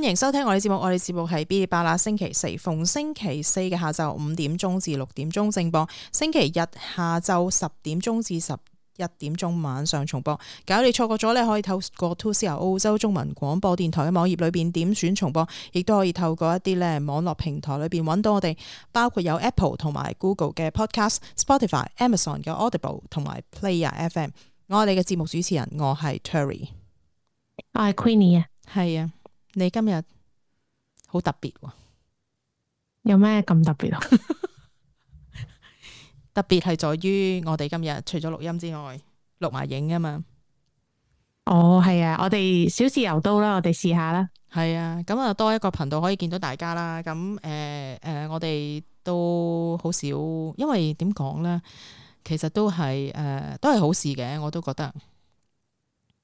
歡迎收聽我哋節目。我哋節目係 Bilibala，星期四逢星期四嘅下晝五點鐘至六點鐘正播，星期日下晝十點鐘至十一點鐘晚上重播。假如你錯過咗咧，你可以透過 2CR 澳洲中文廣播電台嘅網頁裏邊點選重播，亦都可以透過一啲咧網絡平台裏邊揾到我哋，包括有 Apple 同埋 Google 嘅 Podcast、Spotify、Amazon 嘅 Audible 同埋 Player FM。我哋嘅節目主持人，我係 Terry，我係 Queenie 啊，係啊。你今日好特別，啊，有咩咁特別啊？ 特別係在於我哋今日除咗錄音之外，錄埋影啊嘛。哦，係啊，我哋小試牛刀啦，我哋試下啦。係啊，咁啊，多一個頻道可以見到大家啦。咁誒誒，我哋都好少，因為點講呢？其實都係誒、呃，都係好事嘅，我都覺得。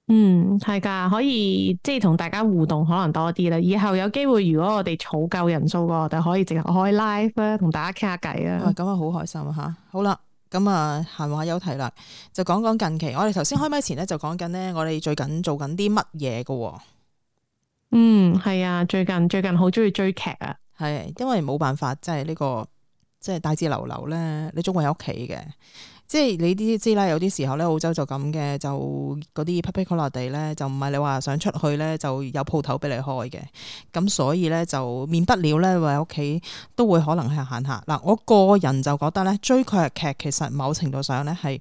嗯，係噶，可以即係同大家互動可能多啲啦。以後有機會，如果我哋儲夠人數個，就可以直接開 live 同大家傾下偈。啊！咁啊，好開心吓！好啦，咁啊，閒話休提啦，就講講近期。我哋頭先開咪前呢，就講緊呢，我哋最近做緊啲乜嘢噶？嗯，係啊，最近最近好中意追劇啊，係，因為冇辦法，即係呢個即係大之流流咧，你總會喺屋企嘅。即係你啲知啦，有啲時候咧澳洲就咁嘅，就嗰啲 penal colony 咧就唔係你話想出去咧就有鋪頭俾你開嘅，咁所以咧就免不了咧喺屋企都會可能去閒下。嗱，我個人就覺得咧追劇劇其實某程度上咧係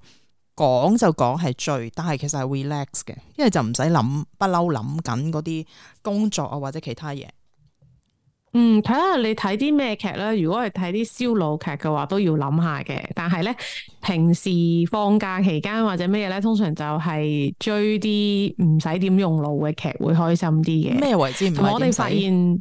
講就講係追，但係其實係 relax 嘅，因為就唔使諗不嬲諗緊嗰啲工作啊或者其他嘢。嗯，睇下你睇啲咩劇咧？如果係睇啲燒腦劇嘅話，都要諗下嘅。但係咧，平時放假期間或者咩嘢咧，通常就係追啲唔使點用腦嘅劇，會開心啲嘅。咩為之唔？我哋發現，唔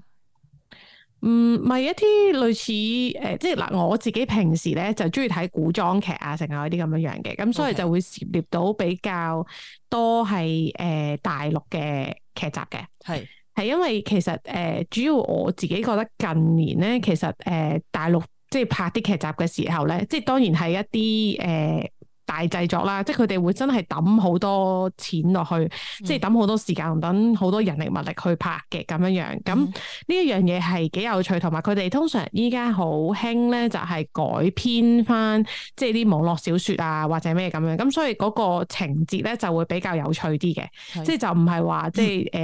係、嗯、一啲類似誒、呃，即係嗱、呃，我自己平時咧就中意睇古裝劇啊，成日嗰啲咁樣樣嘅，咁、呃、所以就會涉獵到比較多係誒、呃、大陸嘅劇集嘅，係 Okay.。係因為其實誒、呃，主要我自己覺得近年咧，其實誒、呃，大陸即係拍啲劇集嘅時候咧，即係當然係一啲誒、呃大製作啦，即係佢哋會真係抌好多錢落去，嗯、即係抌好多時間、等好多人力物力去拍嘅咁樣樣。咁呢一樣嘢係幾有趣，同埋佢哋通常依家好興咧，就係改編翻即係啲網絡小說啊，或者咩咁樣。咁所以嗰個情節咧就會比較有趣啲嘅的，即係就唔係話即係誒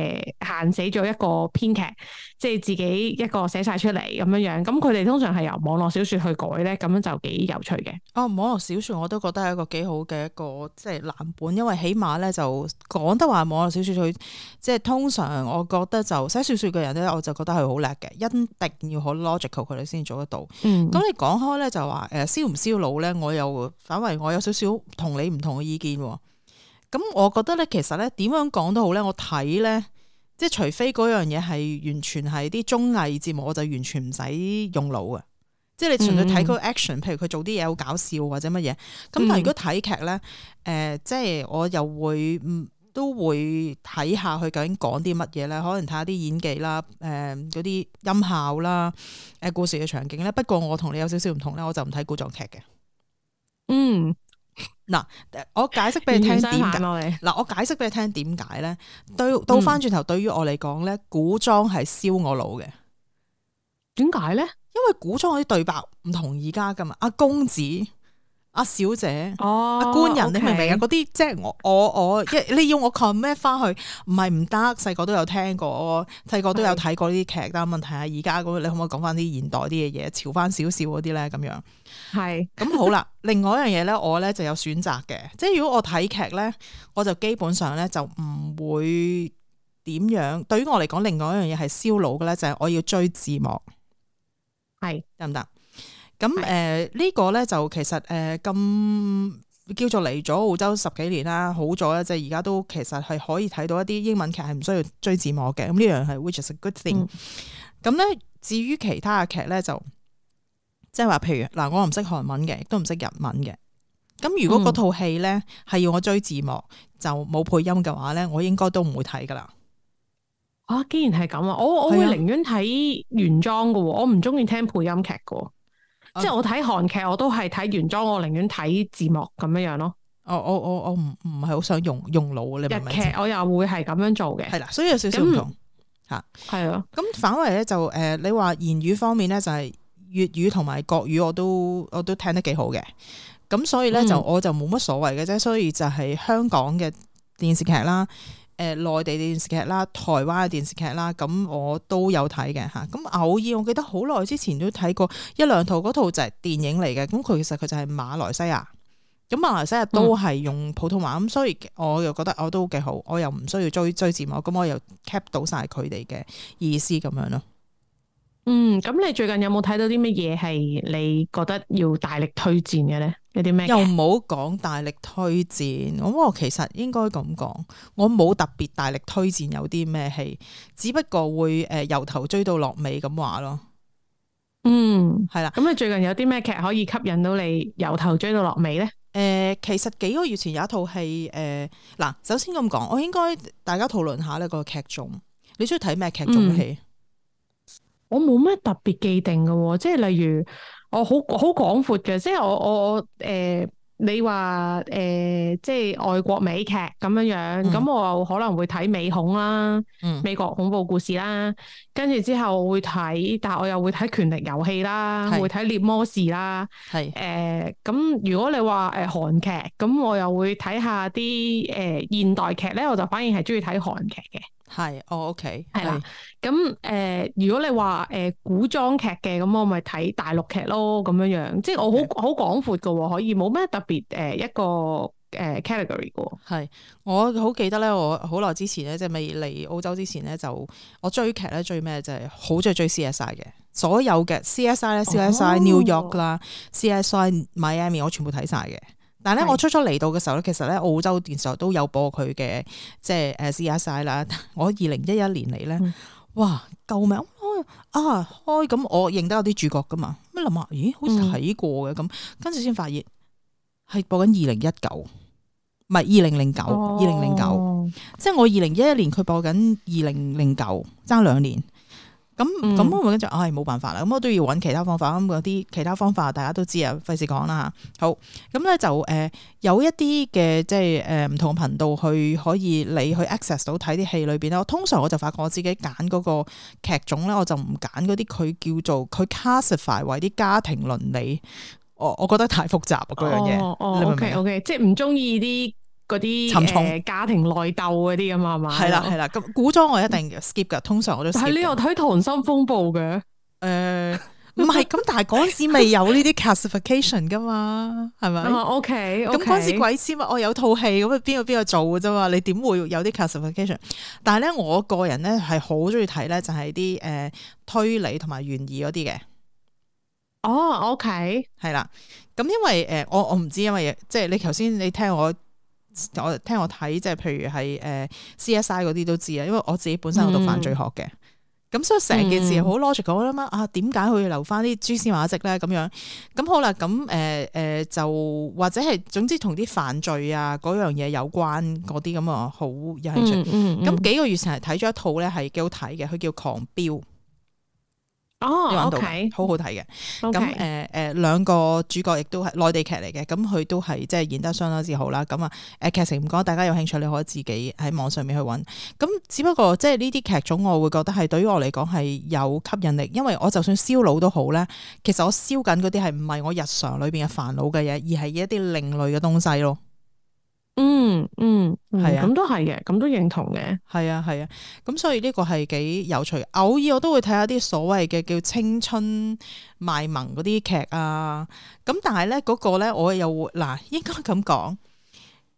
限死咗一個編劇，嗯、即係自己一個寫晒出嚟，咁樣樣。咁佢哋通常係由網絡小說去改咧，咁樣就幾有趣嘅。哦，網絡小說我都覺得係一個。幾好嘅一個即係藍本，因為起碼咧就講得話網絡小説佢即係通常，我覺得就寫小説嘅人咧，我就覺得佢好叻嘅，一定要好 logical 佢哋先做得到。咁、嗯、你講開咧就話誒燒唔燒腦咧，我又反為我有少少同你唔同嘅意見喎。咁我覺得咧，其實咧點樣講都好咧，我睇咧即係除非嗰樣嘢係完全係啲綜藝節目，我就完全唔使用腦啊。即係你純粹睇個 action，、嗯、譬如佢做啲嘢好搞笑或者乜嘢。咁但係如果睇劇咧，誒、嗯、呃，即係我又會，都會睇下佢究竟講啲乜嘢咧。可能睇下啲演技啦，誒、呃，嗰啲音效啦，誒、呃，故事嘅場景咧。不過我同你有少少唔同咧，我就唔睇古裝劇嘅。嗯，嗱， 我解釋俾你聽點解。嗱、嗯，我解釋俾你聽點解咧。對，倒翻轉頭對於，嗯、對於我嚟講咧，古裝係燒我腦嘅。點解咧？因為古裝嗰啲對白唔同而家噶嘛，阿公子、阿小姐、阿官人，你明唔明啊？嗰啲即係我、我、我，一你要我 commit 翻去？唔係唔得。細個都有聽過，細個都有睇過呢啲劇，但係問題係而家咁，你可唔可以講翻啲現代啲嘅嘢，潮翻少少嗰啲咧？咁樣係。咁好啦。另外一樣嘢咧，我咧就有選擇嘅，即係如果我睇劇咧，我就基本上咧就唔會點樣。對於我嚟講，另外一樣嘢係燒腦嘅咧，就係我要追字幕。係得唔得？咁誒是，呢個咧就其實誒，咁、呃、叫做嚟咗澳洲十幾年啦，好咗啦，即係而家都其實係可以睇到一啲英文劇係唔需要追字幕嘅，咁呢樣係 which is a good thing。咁咧、嗯嗯，至於其他嘅劇咧，就即係話，譬如嗱，我唔識韓文嘅，亦都唔識日文嘅，咁如果嗰套戲咧係要我追字幕就冇配音嘅話咧，我應該都唔會睇噶啦。啊，既、哦、然係咁啊，我我會寧願睇原裝嘅，的我唔中意聽配音劇嘅，啊、即係我睇韓劇我都係睇原裝，我寧願睇字幕咁樣樣咯、哦。我我我我唔唔係好想用用腦，你明唔明？日劇我又會係咁樣做嘅，係啦，所以有少少唔同吓，係啊。咁反為咧就誒，你話言語方面咧就係、是、粵語同埋國語我都我都聽得幾好嘅，咁所以咧就我就冇乜所謂嘅啫，所以就係、嗯、香港嘅電視劇啦。誒內地電視劇啦，台灣嘅電視劇啦，咁我都有睇嘅嚇。咁偶爾我記得好耐之前都睇過一兩套，嗰套就係、是、電影嚟嘅。咁佢其實佢就係馬來西亞，咁馬來西亞都係用普通話，咁、嗯、所以我又覺得我都幾好，我又唔需要追追字幕，咁我又 cap 到晒佢哋嘅意思咁樣咯。嗯，咁你最近有冇睇到啲乜嘢係你覺得要大力推薦嘅咧？有啲咩？又冇講大力推薦，我其實應該咁講，我冇特別大力推薦有啲咩戲，只不過會誒由頭追到落尾咁話咯。嗯，係啦的。咁、嗯、你最近有啲咩劇可以吸引到你由頭追到落尾咧？誒、呃，其實幾個月前有一套戲誒，嗱、呃，首先咁講，我應該大家討論下呢個劇種，你中意睇咩劇種嘅戲？嗯我冇咩特別既定嘅喎，哦，即係例如我好好廣闊嘅，即係我我我，呃、你話誒，呃，即係外國美劇咁樣樣，咁，嗯、我又可能會睇美恐啦，嗯、美國恐怖故事啦，跟住之後會睇，但係我又會睇《權力遊戲》啦，是會睇《獵魔士》啦，係誒咁。呃，如果你話誒韓劇，咁我又會睇下啲誒，呃、現代劇咧，我就反而係鍾意睇韓劇嘅。係，我、哦、OK，係啦。咁誒，如果你話誒古裝劇嘅，咁我咪睇大陸劇咯。咁樣樣，即係我好好廣闊嘅，可以冇咩特別誒一個誒 category 嘅。係，我好記得咧，我好耐之前咧，即係未嚟澳洲之前咧，就我追劇咧，追咩就係好中意追 CSI 嘅，所有嘅 CSI 咧，CSI、哦 CSI New York 啦，CSI Miami，我全部睇晒嘅。但係咧，我初初嚟到嘅時候咧，其實咧澳洲電視台都有播佢嘅、SI,，即係誒 C S I 啦。我二零一一年嚟咧，哇，救命啊開！咁、啊嗯、我認得有啲主角噶嘛，咩林默？咦，好似睇過嘅咁，跟住先發現係播緊二零一九，唔係二零零九，二零零九。即係我二零一一年佢播緊二零零九，爭兩年。咁咁，那嗯、我咪跟住，唉、哎，冇辦法啦！咁我都要揾其他方法。咁嗰啲其他方法，大家都知啊，費事講啦嚇。好，咁咧就誒、呃、有一啲嘅，即係誒唔同頻道去可以你去 access 到睇啲戲裏邊，我通常我就發覺我自己揀嗰個劇種咧，我就唔揀嗰啲佢叫做佢 classify 為啲家庭倫理，我我覺得太複雜嗰樣嘢。你明唔明？OK OK，即係唔中意啲。嗰啲誒沉重家庭內鬥嗰啲咁啊，嘛，係啦，係啦。咁古裝我一定 skip 噶，通常我都。但係你又睇《溏心風暴》嘅，誒唔係咁，但係嗰陣時未有呢啲 classification 噶嘛，係咪？哦，OK，咁嗰陣時鬼知嘛，我有套戲咁啊，邊個邊個做嘅啫嘛，你點會有啲 classification？但係咧，我個人咧係好中意睇咧，就係啲誒推理同埋懸疑嗰啲嘅。哦，OK，係啦，咁因為誒我我唔知，因為，因為即係你頭先你聽我。我聽我睇，即係譬如係誒 C.S.I. 嗰啲都知啊，因為我自己本身係讀犯罪學嘅，咁、嗯、所以成件事好 logical。啦，我諗啊，點解會留翻啲蛛絲馬迹咧？咁樣咁好啦，咁誒誒，就或者係總之同啲犯罪啊嗰樣嘢有關嗰啲咁啊，好有,有興趣。咁、嗯嗯嗯、幾個月成日睇咗一套咧，係幾好睇嘅，佢叫《狂飆》。哦、oh，OK，好好睇嘅，咁誒誒兩個主角亦都係內地劇嚟嘅，咁佢都係即係演得相當之好啦。咁啊，誒劇情唔講，大家有興趣你可以自己喺網上面去搵。咁只不過即係呢啲劇種，我會覺得係對於我嚟講係有吸引力，因為我就算燒腦都好咧，其實我燒緊嗰啲係唔係我日常裏邊嘅煩惱嘅嘢，而係一啲另類嘅東西咯。嗯嗯，係、嗯嗯、啊，咁都係嘅，咁都認同嘅，係啊係啊，咁、啊、所以呢個係幾有趣。偶爾我都會睇下啲所謂嘅叫青春賣萌嗰啲劇啊，咁但係咧嗰個咧我又會嗱，應該咁講，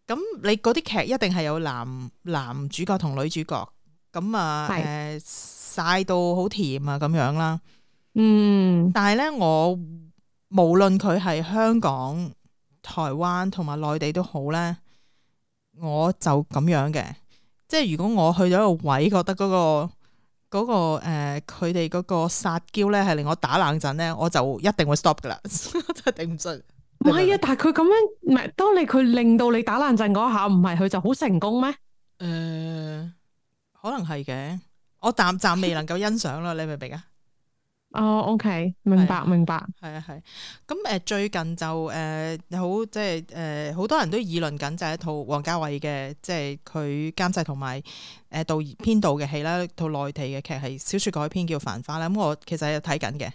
咁你嗰啲劇一定係有男男主角同女主角，咁啊，誒晒到好甜啊咁樣啦。嗯，但係咧我無論佢係香港、台灣同埋內地都好咧，我就咁樣嘅，即係如果我去咗個位，覺得嗰、嗰個、嗰個誒，佢哋嗰個撒嬌咧，係令我打冷震咧，我就一定會 stop 噶啦，真係頂唔順。唔係啊，但係佢咁樣，唔係當你佢令到你打冷震嗰下，唔係佢就好成功咩？誒、呃，可能係嘅，我暫暫未能夠欣賞啦， 你明唔明啊？哦，OK，明白明白，係啊係，咁誒最近就誒好即係誒好多人都議論緊就係一套王家衛嘅即係佢監製同埋誒導演編導嘅戲啦，套內地嘅劇係小說改編叫繁花啦，咁我其實有睇緊嘅。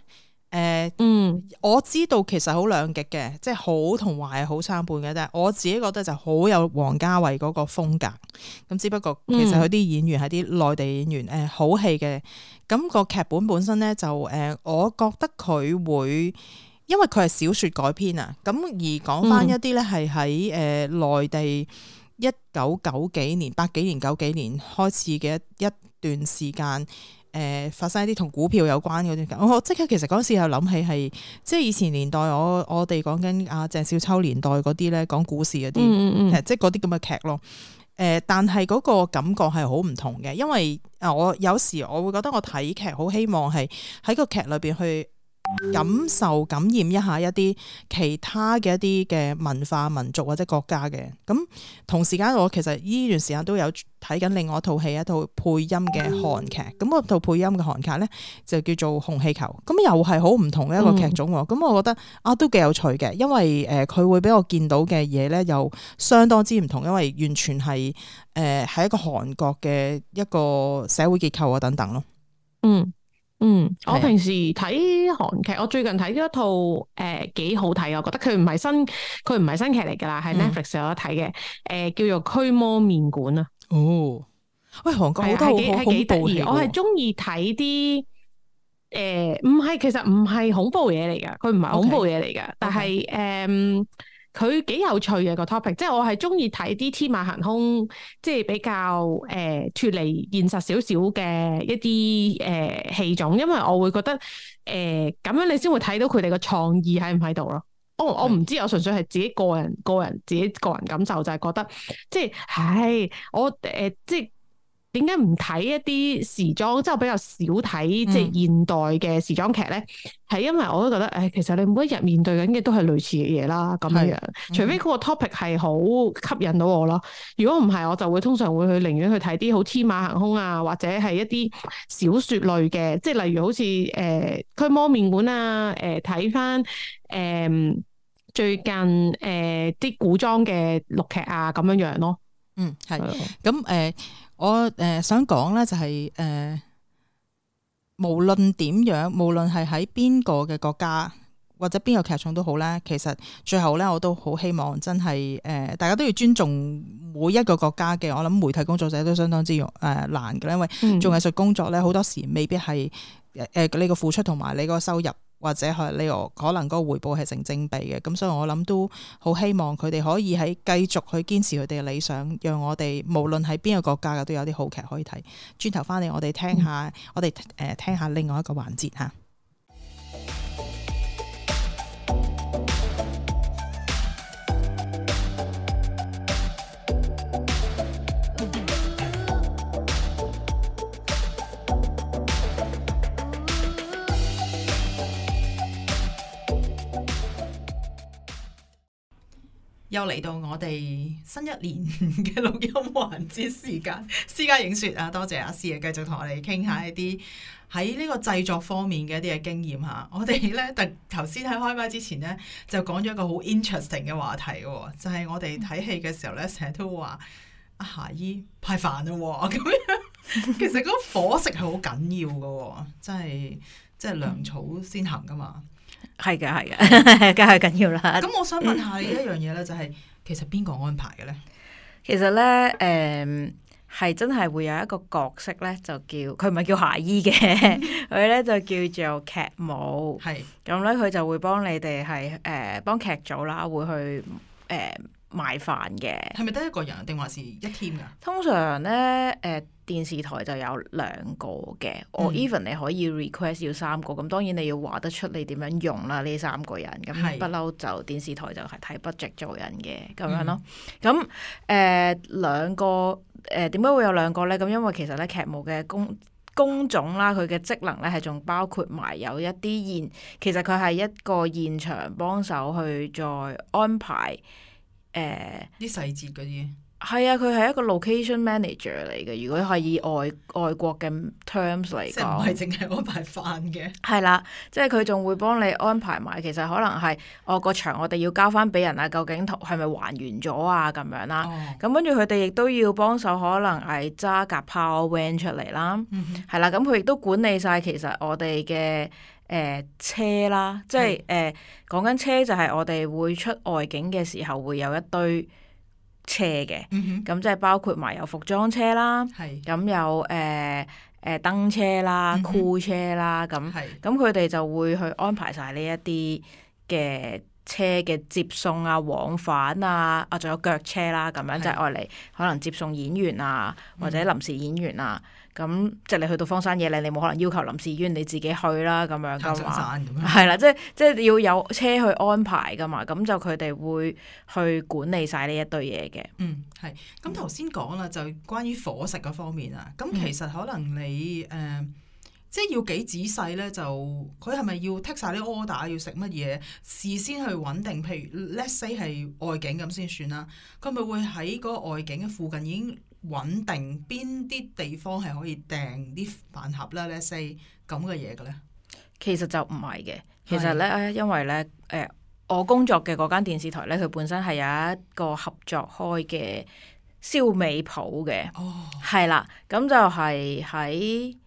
誒、呃、嗯，我知道其實好兩極嘅，即係好同壞係好參半嘅啫。我自己覺得就好有王家衛嗰個風格，咁只不過其實佢啲演員係啲、嗯、內地演員，誒、呃、好戲嘅。咁、那個劇本本身咧就誒、呃，我覺得佢會，因為佢係小説改編啊。咁而講翻一啲咧，係喺誒內地一九九幾年、八幾年、九幾年開始嘅一段時間。誒、呃、發生一啲同股票有關嗰啲，我即刻其實嗰陣時又諗起係，即係以前年代我，我哋講緊阿鄭少秋年代嗰啲咧講股市嗰啲，誒、嗯嗯、即係嗰啲咁嘅劇咯。誒、呃，但係嗰個感覺係好唔同嘅，因為我有時我會覺得我睇劇好希望係喺個劇裏邊去。感受感染一下一啲其他嘅一啲嘅文化、民族或者國家嘅，咁同時間我其實呢段時間都有睇緊另外一套戲，一套配音嘅韓劇。咁嗰套配音嘅韓劇咧就叫做《紅氣球》，咁又係好唔同嘅一個劇種喎。嗯。咁我覺得啊都幾有趣嘅，因為誒佢會俾我見到嘅嘢咧又相當之唔同，因為完全係誒係一個韓國嘅一個社會結構啊等等咯。嗯。嗯，啊、我平時睇韓劇，我最近睇咗一套誒幾、呃、好睇，我覺得佢唔係新，佢唔係新劇嚟噶啦，喺 Netflix 有得睇嘅，誒、嗯呃、叫做《驅魔麵館》啊。哦，喂，韓國好多好、啊、幾得意。我係中意睇啲誒，唔、呃、係其實唔係恐怖嘢嚟噶，佢唔係恐怖嘢嚟噶，但係誒。佢幾有趣嘅個 topic，即係我係中意睇啲天馬行空，即係比較誒脫離現實少少嘅一啲誒、呃、戲種，因為我會覺得誒咁樣你先會睇到佢哋嘅創意喺唔喺度咯。Oh, 我我唔知，嗯、我純粹係自己個人個人自己個人感受，就係覺得即係唉，我誒即係。點解唔睇一啲時裝？即係我比較少睇即係現代嘅時裝劇咧，係、嗯、因為我都覺得誒，其實你每一日面對緊嘅都係類似嘅嘢啦，咁樣樣。嗯嗯、除非嗰個 topic 係好吸引到我咯。如果唔係，我就會通常會寧願去寧願去睇啲好天馬行空啊，或者係一啲小說類嘅，即係例如好似誒驅魔麵館啊，誒睇返誒最近誒啲、呃、古裝嘅陸劇啊，咁樣樣咯。嗯，係，咁誒、呃，我誒、呃、想講咧、就是，就係誒，無論點樣，無論係喺邊個嘅國家或者邊個劇場都好咧，其實最後咧，我都好希望真係誒、呃，大家都要尊重每一個國家嘅。我諗媒體工作者都相當之容誒難嘅，因為做藝術工作咧，好多時未必係誒你個付出同埋你個收入。或者係你可能嗰個回報係成正比嘅，咁所以我諗都好希望佢哋可以喺繼續去堅持佢哋嘅理想，讓我哋無論喺邊個國家嘅都有啲好劇可以睇。轉頭翻嚟，我哋聽下，嗯、我哋誒聽下另外一個環節嚇。又嚟到我哋新一年嘅錄音環節時間，詩家影說啊，多謝阿師啊，繼續同我哋傾下一啲喺呢個製作方面嘅一啲嘅經驗吓。我哋咧特頭先喺開麥之前咧就講咗一個好 interesting 嘅話題嘅，就係、是、我哋睇戲嘅時候咧成日都話阿、啊、霞姨派飯啊、哦，咁樣其實嗰個夥食係好緊要嘅，真係即係糧草先行噶嘛係嘅，係嘅，梗係緊要啦。咁我想問下一樣嘢咧，就係其實邊個安排嘅咧？其實咧，誒，係真係會有一個角色咧，就叫佢唔係叫霞姨嘅，佢咧、嗯、就叫做劇務。係咁咧，佢就會幫你哋係誒幫劇組啦，會去誒、呃、買飯嘅。係咪得一個人定話是一 team 噶？通常咧，誒、呃。電視台就有兩個嘅，我 even、嗯、你可以 request 要三個，咁當然你要話得出你點樣用啦呢三個人，咁不嬲就電視台就係睇 budget 做人嘅咁樣咯。咁誒兩個誒點解會有兩個咧？咁因為其實咧劇務嘅工工種啦，佢嘅職能咧係仲包括埋有一啲現，其實佢係一個現場幫手去再安排誒啲細節嗰啲。呃係啊，佢係一個 location manager 嚟嘅。如果係以外外國嘅 terms 嚟講，即係唔係淨係安排飯嘅。係啦，即係佢仲會幫你安排埋。其實可能係我、哦，那個場，我哋要交翻俾人啊，究竟同係咪還原咗啊？咁樣啦。哦。咁跟住佢哋亦都要幫手，可能係揸架 power van 出嚟啦。嗯哼。係啦、啊，咁佢亦都管理晒其實我哋嘅誒車啦，即係誒講緊車，就係、是、我哋會出外景嘅時候會有一堆。車嘅，咁即係包括埋有服裝車啦，咁是有誒誒、呃呃、燈車啦、酷、嗯、哼車啦，咁咁佢哋就會去安排晒呢一啲嘅車嘅接送啊、往返啊，啊仲有腳車啦，咁樣即係愛嚟可能接送演員啊，是或者臨時演員啊。嗯嗯。咁即係你去到荒山野嶺，你冇可能要求臨時醫院你自己去啦，咁樣噶嘛？係啦，即係即係要有車去安排噶嘛，咁就佢哋會去管理晒呢一堆嘢嘅。嗯，係。咁頭先講啦，就關於伙食嗰方面啊。咁其實可能你誒、嗯呃，即係要幾仔細咧？就佢係咪要剔晒啲 order 要食乜嘢？事先去穩定，譬如 let’s say 係外景咁先算啦。佢咪會喺嗰個外景嘅附近已經。穩定邊啲地方係可以訂啲飯盒啦 let's say 咁嘅嘢嘅咧，其實就唔係嘅。其實咧，因為咧，誒、呃，我工作嘅嗰間電視台咧，佢本身係有一個合作開嘅燒味鋪嘅。哦、oh.，係啦，咁就係喺。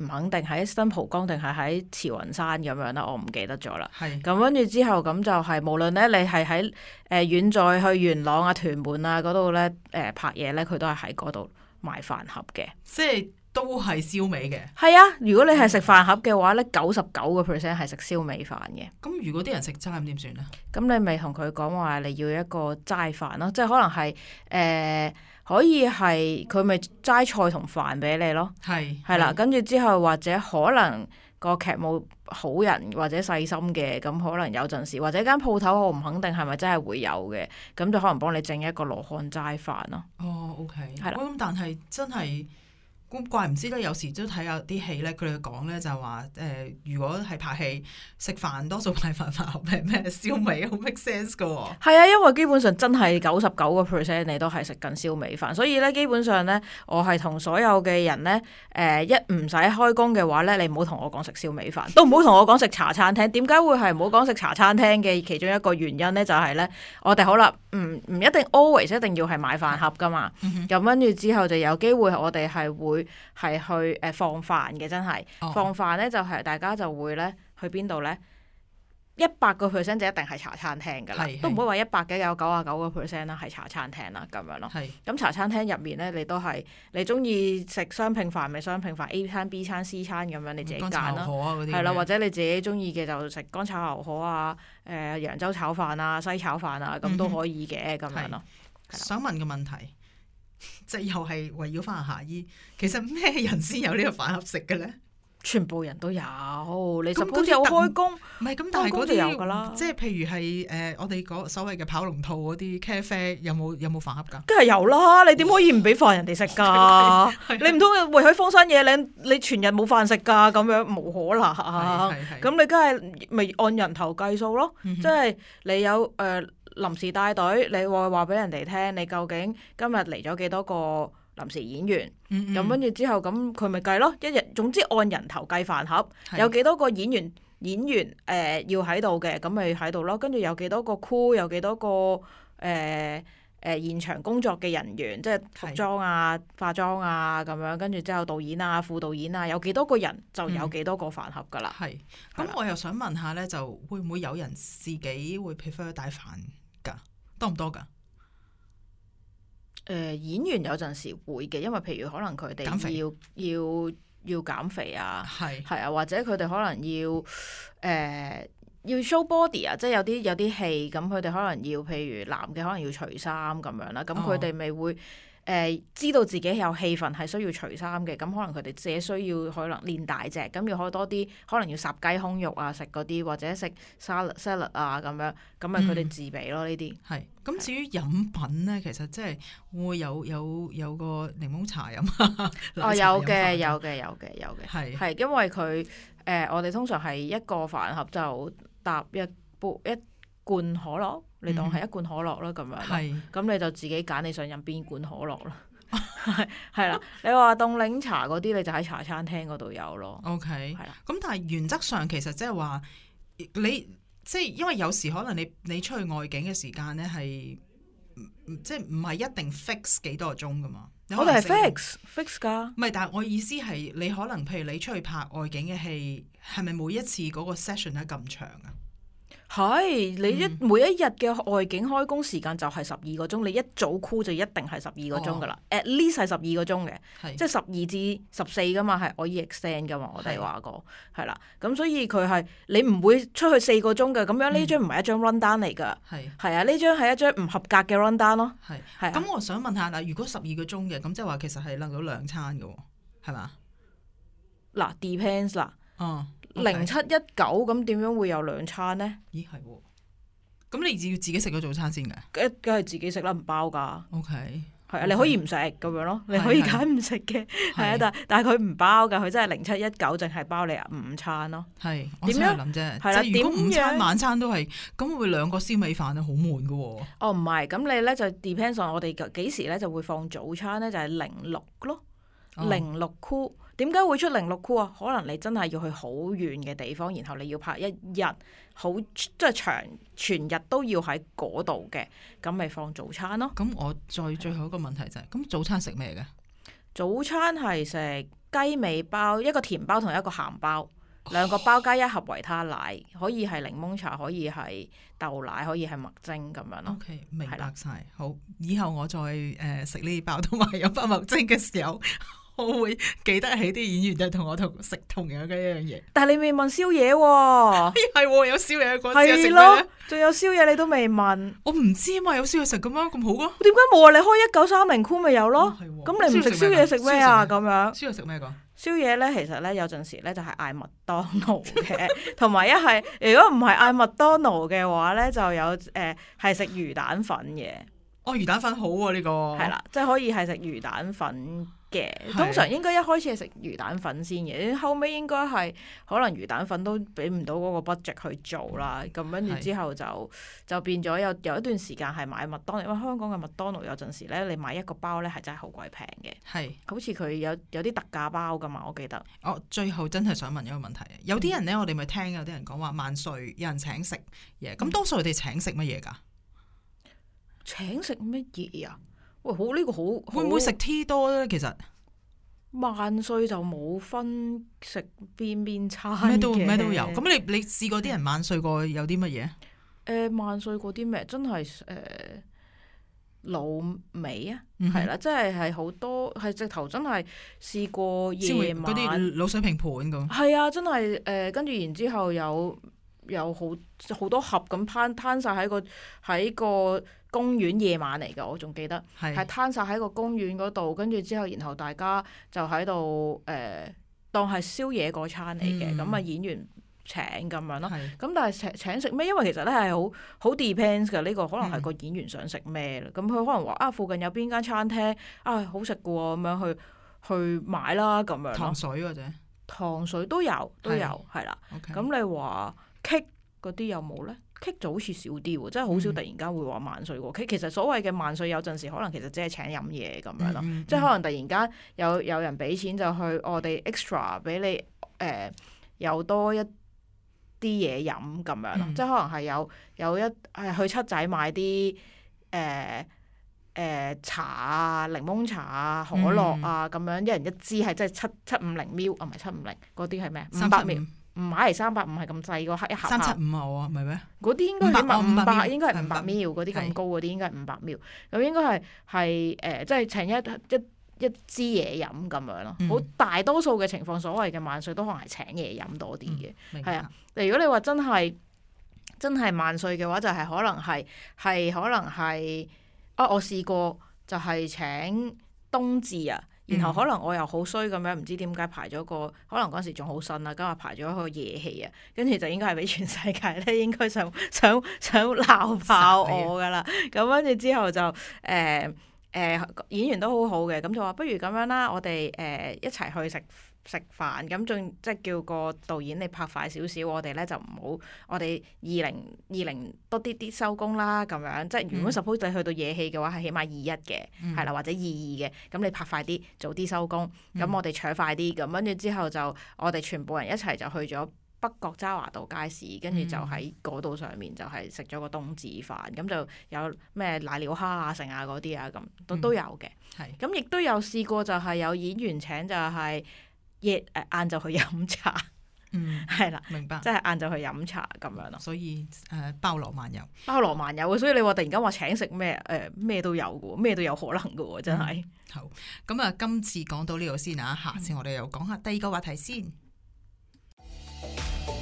唔肯定喺新蒲崗定係喺慈雲山咁樣啦，我唔記得咗啦。咁跟住之後咁就係、係、無論咧，你係喺誒遠在去元朗啊、屯門啊嗰度咧，誒拍嘢咧，佢都係喺嗰度賣飯盒嘅，即係都係燒味嘅。係啊，如果你係食飯盒嘅話咧，九十九個 percent 係食燒味飯嘅。咁、嗯、如果啲人食齋咁點算咧？咁你咪同佢講話你要一個齋飯咯，即係可能係誒。呃可以係佢咪齋菜同飯俾你咯，係是，係啦，跟住是之後或者可能個劇冇好人或者細心嘅，咁可能有陣時或者間鋪頭我唔肯定係咪真係會有嘅，咁就可能幫你整一個羅漢齋飯咯。哦，OK，係啦，咁但係真係。咁怪唔知得，有時都睇下啲戲咧，佢哋講咧就係話誒，如果係拍戲食飯，多數係食飯盒咩咩燒味，好 make sense 嘅喎。係啊，因為基本上真係九十九個 percent 你都係食緊燒味飯，所以咧基本上咧，我係同所有嘅人咧，誒、呃、一唔使開工嘅話咧，你唔好同我講食燒味飯，都唔好同我講食茶餐廳。點解會係唔好講食茶餐廳嘅其中一個原因咧？就係、是、咧，我哋好啦，唔、嗯、唔一定 always 一定要係買飯盒噶嘛。咁跟住之後就有機會，我哋係會。係去誒放飯嘅，真係、哦、放飯咧就係、是、大家就會咧去邊度咧？一百個 percent 就一定係茶餐廳噶啦，是是都唔會話一百幾有九啊九個 percent 啦係茶餐廳啦咁樣咯。係咁係茶餐廳入面咧，你都係你中意食雙拼飯咪雙拼飯 A 餐 B 餐 C 餐咁樣，你自己揀啦。係啦、啊，或者你自己中意嘅就食乾炒牛河啊，誒、呃、揚州炒飯啊，西炒飯啊，咁都、嗯嗯、可以嘅咁樣咯。咁樣，想問嘅問題。 即係又係圍繞翻下衣，其實咩人先有個飯呢個飯盒食嘅咧？全部人都有，你咁有開工，唔係咁但係嗰啲有噶啦，即係譬如係誒、呃、我哋所謂嘅跑龍套嗰啲茄喱啡有冇有冇飯盒噶？梗係有啦，你點可以唔俾飯人哋食噶？呀你唔通你圍喺荒山野嶺，你全日冇飯食噶咁樣，冇可能。啊！咁你梗係咪按人頭計數咯？嗯、哼即係你有誒。呃臨時帶隊，你會話俾人哋聽，你究竟今日嚟咗幾多個臨時演員？咁跟住之後，咁佢咪計咯。一日總之按人頭計飯盒，是有幾多個演員演員誒、呃、要喺度嘅，咁咪喺度咯。跟住有幾多個 crew，有幾多個誒誒、呃呃、現場工作嘅人員，即係服裝啊、化妝啊咁樣。跟住之後導演啊、副導演啊，有幾多個人就有幾多個飯盒噶啦。係、嗯。咁我又想問下咧，就會唔會有人自己會 prefer 帶飯？噶多唔多㗎？誒、呃、演員有陣時會嘅，因為譬如可能佢哋要減肥？要要減肥啊，係係啊，或者佢哋可能要誒、呃、要 show body 啊，即係有啲有啲戲咁，佢哋可能要譬如男嘅可能要除衫咁樣啦，咁佢哋咪會。哦誒、呃、知道自己有氣氛係需要除衫嘅，咁可能佢哋自己需要可能練大隻，咁要開多啲，可能要烚雞胸肉啊，食嗰啲或者食沙律 l a 啊咁樣，咁咪佢哋自備咯呢啲。係。咁至於飲品咧，其實即係會有有有，有個檸檬茶飲啊 飲、哦，有嘅有嘅有嘅有嘅。係係是因為佢誒、呃，我哋通常係一個飯盒就搭一杯一。一一罐可樂，你當係一罐可樂啦，咁樣，咁是你就自己揀你想飲邊罐可樂咯，係啦。 你話凍檸茶嗰啲，你就喺茶餐廳嗰度有咯。OK，係啦的。咁、嗯、但係原則上其實即係話，你即係因為有時可能你你出去外景嘅時間咧係，即係唔係一定 fix 幾多個鐘噶嘛？Ix，可能係 fix fix 噶。唔係，但係我意思係你可能，譬如你出去拍外景嘅戲，係咪每一次嗰個 session 都咁長啊？係你一、嗯、每一日嘅外景開工時間就係十二個鐘，你一早箍就一定係十二個鐘噶啦，at least 係十二個鐘嘅，是即係十二至十四噶嘛，係可以 extend 噶嘛，啊、我哋話過係啦，咁所以佢係你唔會出去四個鐘嘅，咁樣呢張唔係一張 run down 嚟噶，係係、嗯、啊，呢張係一張唔合格嘅 run down 咯，係係。咁我想問下嗱，如果十二個鐘嘅，咁即係話其實係 lunch 到兩餐噶，係嘛？嗱，depends 啦。Dep 零七一九咁點樣會有兩餐呢？咦係喎，咁你要自己食咗早餐先嘅？梗佢係自己食啦，唔包噶。O K，係啊，你可以唔食咁樣咯， 你可以揀唔食嘅，係啊， 但係但係佢唔包噶，佢真係零七一九淨係包你午餐咯。係點樣諗啫？即係如果午餐晚餐都係，咁會唔會兩個燒味飯啊好悶噶？悶哦唔係，咁你咧就 depends on 我哋幾時咧就會放早餐咧就係零六咯，零六 cool。點解會出零六箍啊？可能你真係要去好遠嘅地方，然後你要拍一日好即係長全日都要喺嗰度嘅，咁咪放早餐咯。咁我再最後一個問題就係、是，咁早餐食咩嘅？早餐係食雞尾包，一個甜包同一個鹹包，兩個包加一盒維他奶，oh、可以係檸檬茶，可以係豆奶，可以係麥精咁樣咯。O、okay, K，明白晒。啦好，以後我再誒食呢包同埋有包麥精嘅時候。我會記得起啲演員就同我同食同樣嘅一樣嘢，但係你未問宵夜喎、喔，係、 喔、有宵夜嗰次食咩？仲、喔、有宵夜你都未問，我唔知啊嘛，有宵夜食咁嘛，咁好啊？點解冇啊？你開一九三零鋪咪有咯？咁、啊喔、你唔食宵夜食咩啊？咁、啊、樣宵夜食咩噶？宵夜咧其實咧有陣時咧就係嗌麥當勞嘅，同埋 一係如果唔係嗌麥當勞嘅話咧就有誒係食魚蛋粉嘅。哦，魚蛋粉好啊呢、這個係啦，即係可以係食魚蛋粉。嘅，通常應該一開始係食魚蛋粉先嘅，後尾應該係可能魚蛋粉都俾唔到嗰個 budget 去做啦，咁跟住之後就是就變咗有有一段時間係買麥當勞，因為香港嘅麥當勞有陣時咧，你買一個包咧係真係是好鬼平嘅，係，好似佢有有啲特價包噶嘛，我記得。哦，最後真係想問一個問題，有啲人咧，我哋咪聽有啲人講話萬歲，有人請食嘢，咁多數佢哋請食乜嘢噶？請食乜嘢啊？喂，好、這個、呢個好，會唔會食 T 多咧？其實萬歲就冇分食邊邊餐，咩都咩都有。咁你你試過啲人萬歲過有啲乜嘢？誒、呃，萬歲過啲咩？真係誒，滷、呃、味啊，係啦、嗯，即係係好多，係直頭真係試過夜晚啲滷水平盤咁。係啊，真係誒，跟、呃、住然之後有。有好好多盒咁攤攤晒喺個喺個公園夜晚嚟嘅，我仲記得係攤晒喺個公園嗰度，跟住之後，然後大家就喺度誒當係宵夜嗰餐嚟嘅，咁啊演員請咁樣咯，咁但係請請食咩？因為其實咧係好好 depends 嘅呢個，可能係個演員想食咩啦。咁佢可能話啊，附近有邊間餐廳啊，好食嘅喎，咁樣去去買啦咁樣。糖水嘅啫，糖水都有都有係啦。咁你話？kick 嗰啲有冇咧？kick 就好似少啲喎，嗯、即係好少突然間會話萬歲喎。嗯、其實所謂嘅萬歲，有陣時可能其實只係請飲嘢咁樣啦，嗯嗯、即係可能突然間有有人俾錢就去我哋 extra 俾你誒、呃、有多一啲嘢飲咁樣啦，嗯、即係可能係有有一係去七仔買啲誒誒茶、檸茶啊、檸檬茶啊、可樂啊咁樣，一人一支係即係七七五零 ml、啊、唔係七五零嗰啲係咩？五百 ml。唔買嚟三百五係咁細個，黑一盒三七五啊，啊，唔係咩？嗰啲應該係五百，五百應該係五百 m l 嗰啲咁高嗰啲應該係五百 m l 咁應該係係誒，即係、呃就係、請一一一支嘢飲咁樣咯。好、嗯、大多數嘅情況，所謂嘅萬歲都可能係請嘢飲多啲嘅，係啊、嗯。如果你話真係真係萬歲嘅話，就係、係、可能係係可能係啊！我試過就係請冬至啊。然後可能我又好衰咁樣，唔知點解排咗個，可能嗰時仲好新啦，今日排咗個夜戲啊，跟住就應該係俾全世界咧，應該想想想鬧爆我噶啦，咁跟住之後就誒誒、呃呃、演員都好好嘅，咁就話不如咁樣啦，我哋誒、呃、一齊去食。食飯咁仲即係叫個導演你拍快少少，我哋咧就唔好我哋二零二零多啲啲收工啦，咁樣即係如果 suppose 去到夜戲嘅話，係起碼二一嘅，係啦或者二二嘅，咁你拍快啲，早啲收工，咁我哋搶快啲咁，跟住、嗯、之後就我哋全部人一齊就去咗北角渣華道街市，跟住就喺嗰度上面就係食咗個冬至飯，咁就有咩瀨尿蝦啊、成啊嗰啲啊，咁都、嗯、都有嘅。係咁的，亦、嗯嗯、都有試過就係有演員請就係、是。夜晏晝去飲茶，嗯，係啦的，明白，即係晏晝去飲茶咁、嗯、樣咯。所以誒、呃、包羅萬有，包羅萬有嘅。所以你話突然間話請食咩誒咩都有嘅，咩都有可能嘅喎，真係、嗯。好，咁啊，今次講到呢度先啊，下次我哋又講下第二個話題先。嗯。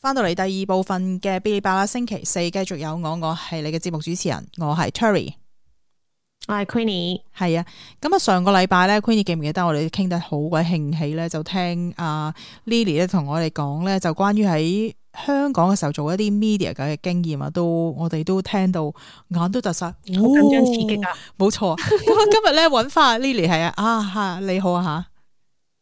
翻到嚟第二部分嘅《Bilibala》啦，星期四繼續有我，我係你嘅節目主持人，我係 Terry，我係 Queenie，係啊。咁啊，上個禮拜咧，Queenie 記唔記得我哋傾得好鬼興起咧？就聽阿 Lily 咧同我哋講咧，就關於喺香港嘅時候做一啲 media 嘅經驗啊，都我哋都聽到眼都突晒，好緊張刺激啊！冇錯啊。咁今日咧揾翻 Lily 係啊，啊吓你好啊吓。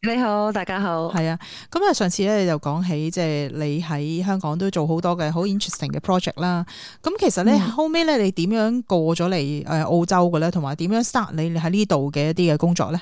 你好，大家好。係啊，咁啊，上次咧就講起即係你喺香港都做好多嘅好 interesting 嘅 project 啦。咁其實咧，嗯、後尾咧你點樣過咗嚟誒澳洲嘅咧？同埋點樣 start 你喺呢度嘅一啲嘅工作咧？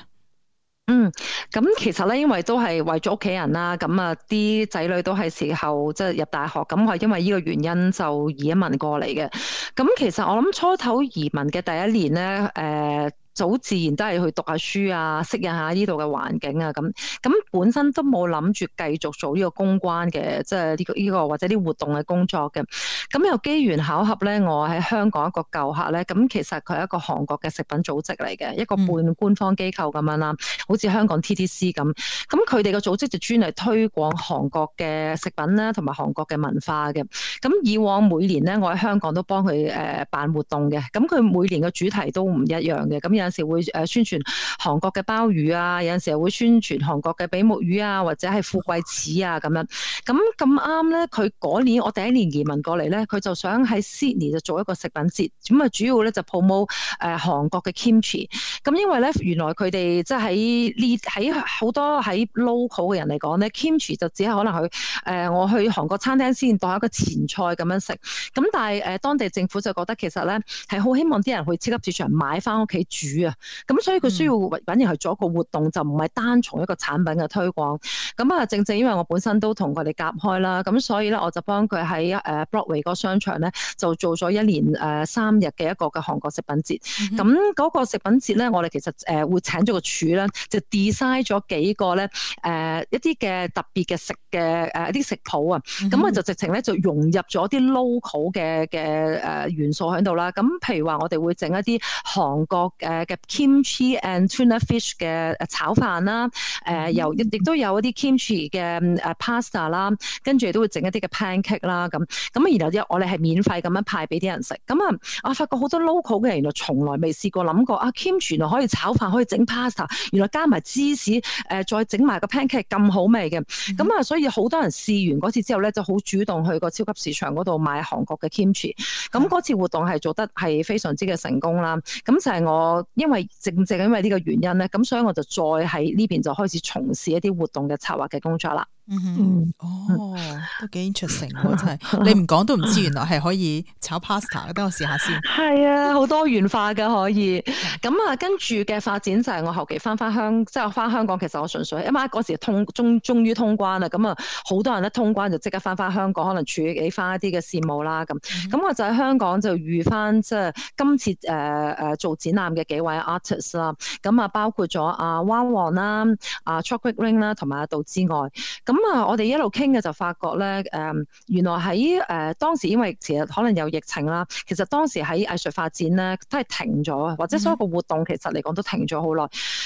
嗯，咁其實咧，因為都係為咗屋企人啦，咁啊啲仔女都係時候即係入大學，咁我係因為呢個原因就移民過嚟嘅。咁其實我諗初頭移民嘅第一年咧，誒、呃。早自然都係去讀下書啊，適應下呢度嘅環境啊，咁咁本身都冇諗住繼續做呢個公關嘅，即係呢個呢個或者啲活動嘅工作嘅。咁有機緣巧合咧，我喺香港一個舊客咧，咁其實佢係一個韓國嘅食品組織嚟嘅，一個半官方機構咁樣啦，好似香港 TTC 咁。咁佢哋嘅組織就專係推廣韓國嘅食品咧，同埋韓國嘅文化嘅。咁以往每年咧，我喺香港都幫佢誒辦活動嘅。咁佢每年嘅主題都唔一樣嘅。咁有陣時會誒宣傳韓國嘅鮑魚啊，有陣時會宣傳韓國嘅、啊、比目魚啊，或者係富貴翅啊咁樣。咁咁啱咧，佢嗰年我第一年移民過嚟咧，佢就想喺 Sydney 就做一個食品節，咁啊主要咧就 promote 誒、呃、韓國嘅 kimchi。咁因為咧，原來佢哋即係喺呢喺好多喺 local 嘅人嚟講咧，kimchi 就只係可能去誒、呃、我去韓國餐廳先當一個前菜咁樣食。咁但係誒、呃、當地政府就覺得其實咧係好希望啲人去超級市場買翻屋企煮。啊，咁、嗯、所以佢需要，反而係做一個活動，就唔係單從一個產品嘅推廣。咁啊，正正因為我本身都同佢哋夾開啦，咁所以咧，我就幫佢喺誒 Broadway 嗰個商場咧，就做咗一年誒三日嘅一個嘅韓國食品節。咁嗰、嗯、哼個食品節咧，我哋其實誒、呃、會請咗個廚咧，就 design 咗幾個咧誒、呃、一啲嘅特別嘅食嘅誒、呃、一啲食譜啊。咁啊，就直情咧就融入咗啲 local 嘅嘅誒元素喺度啦。咁譬如話，我哋會整一啲韓國誒。嘅 kimchi and tuna fish 嘅炒飯啦，誒又亦都有一啲 kimchi 嘅誒 pasta 啦，跟住都會整一啲嘅 pancake 啦，咁咁啊，然後之後我哋係免費咁樣派俾啲人食，咁啊，我、啊、發覺好多 local 嘅人原來從來未試過諗過啊，kimchi、啊、原來可以炒飯，可以整 pasta，原來加埋芝士誒、啊，再整埋個 pancake 咁好味嘅，咁啊，mm hmm. 啊，所以好多人試完嗰次之後咧，就好主動去個超級市場嗰度買韓國嘅 kimchi，咁嗰、啊、次活動係做得係非常之嘅成功啦，咁就係我。因為正正因為呢個原因咧，咁所以我就再喺呢邊就開始從事一啲活動嘅策劃嘅工作啦。嗯，哦、mm，hmm. oh，都幾 interesting，真係你唔講都唔知，原來係可以炒 pasta，等我試下先。係 啊，好多元化噶，可以。咁、嗯、啊，跟住嘅發展就係我後期翻翻香，即係我翻香港，香港其實我純粹因為嗰時通，終終於通關啦。咁啊，好多人一通關就即刻翻翻香港，可能處理翻一啲嘅事務啦。咁、嗯、咁我就喺香港就遇翻，即係今次誒誒、呃呃、做展覽嘅幾位 artist 啦。咁啊，包括咗阿蛙王啦、啊，阿 Chocolate Ring 啦，同埋阿杜之外，咁、啊。啊咁啊、嗯，我哋一路傾嘅就發覺咧，誒、嗯、原來喺誒、呃、當時因為其實可能有疫情啦，其實當時喺藝術發展咧都係停咗，或者所有個活動其實嚟講都停咗好耐。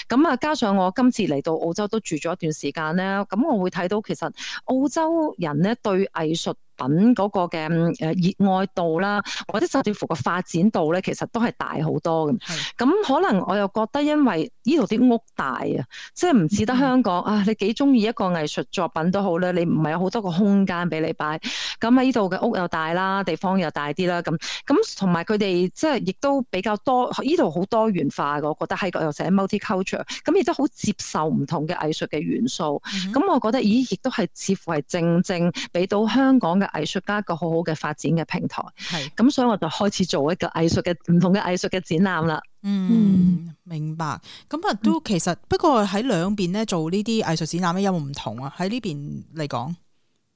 咁、嗯、啊，加上我今次嚟到澳洲都住咗一段時間咧，咁我會睇到其實澳洲人咧對藝術品嗰個嘅誒熱愛度啦，或者甚至乎個發展度咧，其實都係大好多嘅。咁是、嗯、可能我又覺得，因為呢度啲屋大啊，即係唔似得香港、嗯、啊。你幾中意一個藝術作品都好咧，你唔係有好多個空間俾你擺。咁喺呢度嘅屋又大啦，地方又大啲啦，咁咁同埋佢哋即係亦都比較多，呢度好多元化。我覺得係個又寫 multi culture，咁、嗯、亦都好接受唔同嘅藝術嘅元素。咁、嗯嗯、我覺得，咦，亦都係似乎係正正俾到香港嘅。藝術家一個好好嘅發展嘅平台，係咁是，所以我就開始做一個藝術嘅唔同嘅藝術嘅展覽啦。嗯，嗯，明白。咁啊，都其實、嗯、不過喺兩邊咧做呢啲藝術展覽咧有冇唔同啊？喺呢邊嚟講。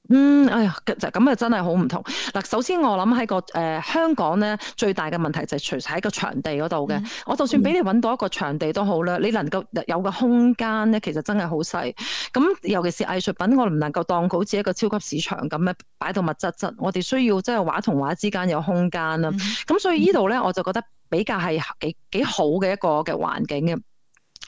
嗯，哎呀，咁啊，真係好唔同。嗱，首先我諗喺個誒、呃、香港咧，最大嘅問題就係除喺個場地嗰度嘅。Mm hmm. 我就算俾你揾到一個場地都好啦，你能夠有個空間咧，其實真係好細。咁尤其是藝術品，我唔能夠當好似一個超級市場咁咧擺到密質質。我哋需要即係畫同畫之間有空間啦。咁，mm hmm. 所以呢度咧，我就覺得比較係幾幾好嘅一個嘅環境嘅。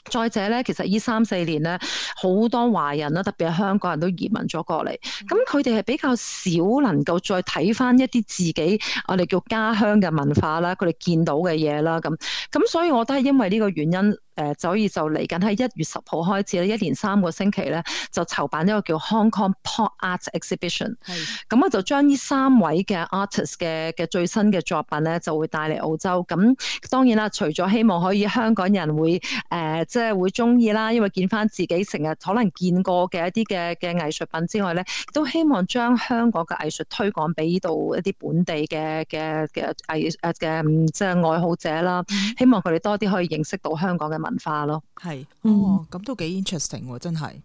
再者咧，其實呢三四年咧，好多華人啦，特別係香港人都移民咗過嚟，咁佢哋係比較少能夠再睇返一啲自己，我哋叫家鄉嘅文化啦，佢哋見到嘅嘢啦，咁，咁所以我都係因為呢個原因。誒，所以就嚟緊喺一月十號開始咧，一連三個星期咧，就籌辦一個叫 Hong Kong Pop Art Exhibition。係。咁是的 我就將呢三位嘅 artist 嘅嘅最新嘅作品咧，就會帶嚟澳洲。咁當然啦，除咗希望可以香港人會誒、呃、即係會中意啦，因為見翻自己成日可能見過嘅一啲嘅嘅藝術品之外咧，都希望將香港嘅藝術推廣俾到一啲本地嘅嘅嘅藝誒嘅、呃、即係愛好者啦。希望佢哋多啲可以認識到香港嘅文文化咯，係哦，哦，咁都幾 interesting 喎，真係。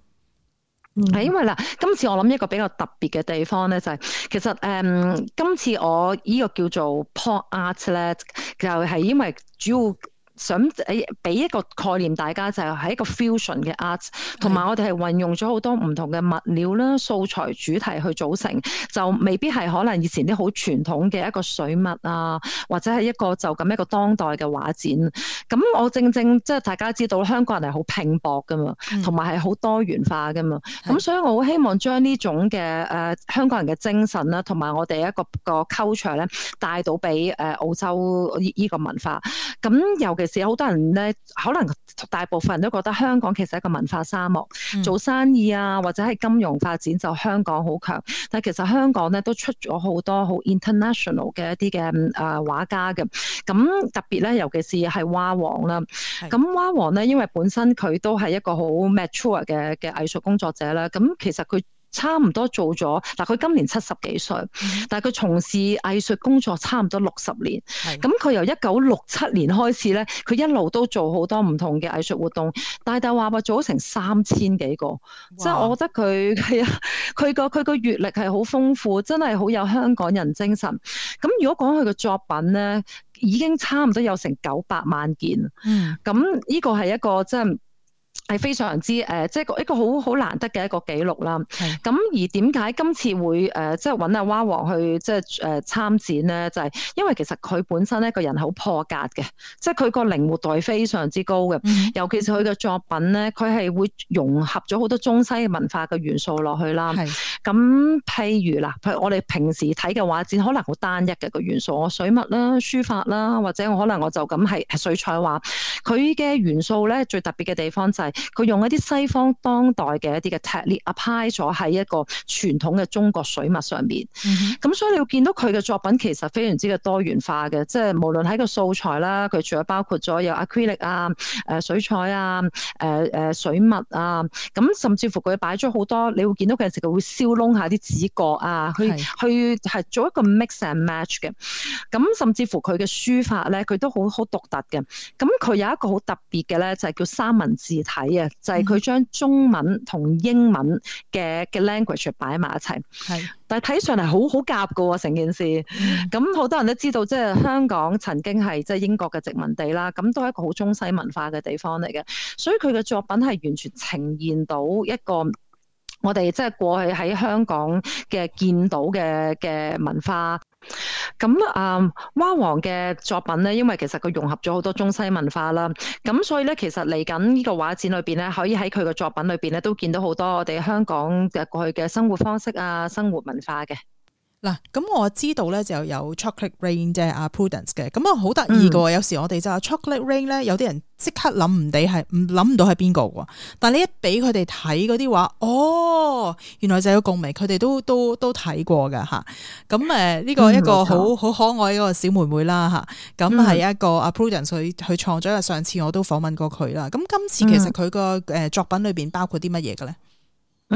係、嗯、因為啦，今次我諗一個比較特別嘅地方咧，就是，就係其實誒，嗯，今次我依個叫做 pod art 咧，就係因為主要。想誒俾一個概念大家就係、是、一個 fusion 嘅 art，同埋我哋係運用咗好多唔同嘅物料啦、素材、主題去組成，就未必係可能以前啲好傳統嘅一個水墨啊，或者係一個就咁一個當代嘅畫展。咁我正正即係大家知道，香港人係好拼搏噶嘛，同埋係好多元化噶嘛。咁的所以我好希望將呢種嘅誒、呃、香港人嘅精神啦，同埋我哋一個個 culture 咧，帶到俾誒澳洲呢依個文化。咁尤其。其實有好多人咧，可能大部分人都覺得香港其實係一個文化沙漠，嗯、做生意啊或者係金融發展就香港好強。但係其實香港咧都出咗好多好 international 嘅一啲嘅誒畫家嘅，咁特別咧，尤其是係蛙王啦。咁是蛙王咧，因為本身佢都係一個好 mature 嘅嘅藝術工作者啦，咁其實佢。差唔多做咗嗱，佢今年七十幾歲，但係佢從事藝術工作差唔多六十年。咁佢的由一九六七年開始咧，佢一路都做好多唔同嘅藝術活動，大大話話做咗成三千幾個，哇即係我覺得佢係佢個佢個閱歷係好豐富，真係好有香港人精神。咁如果講佢嘅作品咧，已經差唔多有成九百萬件。嗯，咁呢個係一個真係。係非常之誒、呃，即係一個好好難得嘅一個紀錄啦。咁的而點解今次會誒、呃，即係揾阿蛙王去即係誒參展咧？就係、是、因為其實佢本身咧個人好破格嘅，即係佢個靈活度係非常之高嘅。嗯、尤其是佢嘅作品咧，佢係會融合咗好多中西嘅文化嘅元素落去啦。咁的譬如嗱，譬如我哋平時睇嘅畫展，可能好單一嘅、那個元素，我水墨啦、書法啦，或者我可能我就咁係水彩畫。佢嘅元素咧最特別嘅地方就係、是。佢用一啲西方當代嘅一啲嘅 technique apply 咗喺一個傳統嘅中國水墨上面，咁、mm hmm. 嗯、所以你會見到佢嘅作品其實非常之嘅多元化嘅，即係無論喺個素材啦，佢仲有包括咗有 acrylic 啊、誒水彩啊、誒、呃、誒水墨啊，咁、嗯、甚至乎佢擺咗好多，你會見到佢陣時佢會燒窿下啲紙角啊，去去係做一個 mix and match 嘅，咁、嗯、甚至乎佢嘅書法咧，佢都好好獨特嘅，咁、嗯、佢有一個好特別嘅咧，就係、是、叫三文字體。啊，就係佢將中文同英文嘅嘅 language 擺埋一齊，係是。但係睇上嚟好好夾㗎喎成件事。咁好、嗯、多人都知道，即係、是、香港曾經係即係英國嘅殖民地啦，咁都係一個好中西文化嘅地方嚟嘅。所以佢嘅作品係完全呈現到一個我哋即係過去喺香港嘅見到嘅嘅文化。咁啊，蛙王嘅作品咧，因為其實佢融合咗好多中西文化啦，咁所以咧，其實嚟緊呢個畫展裏邊咧，可以喺佢嘅作品裏邊咧，都見到好多我哋香港嘅過去嘅生活方式啊，生活文化嘅。嗱，咁我知道咧、啊嗯、就有、是啊、Chocolate Rain 即係阿 Prudence 嘅，咁啊好得意噶。有時我哋就 Chocolate Rain 咧，有啲人即刻諗唔地係，諗唔到係邊個喎。但你一俾佢哋睇嗰啲話，哦，原來就有共鳴，佢哋都都都睇過噶吓。咁誒呢個一個好好、嗯、可愛一個小妹妹啦吓。咁、啊、係、啊啊嗯、一個阿、啊、Prudence，佢佢創咗。上次我都訪問過佢啦。咁今次其實佢個誒作品裏邊包括啲乜嘢嘅咧？啊啊啊啊啊啊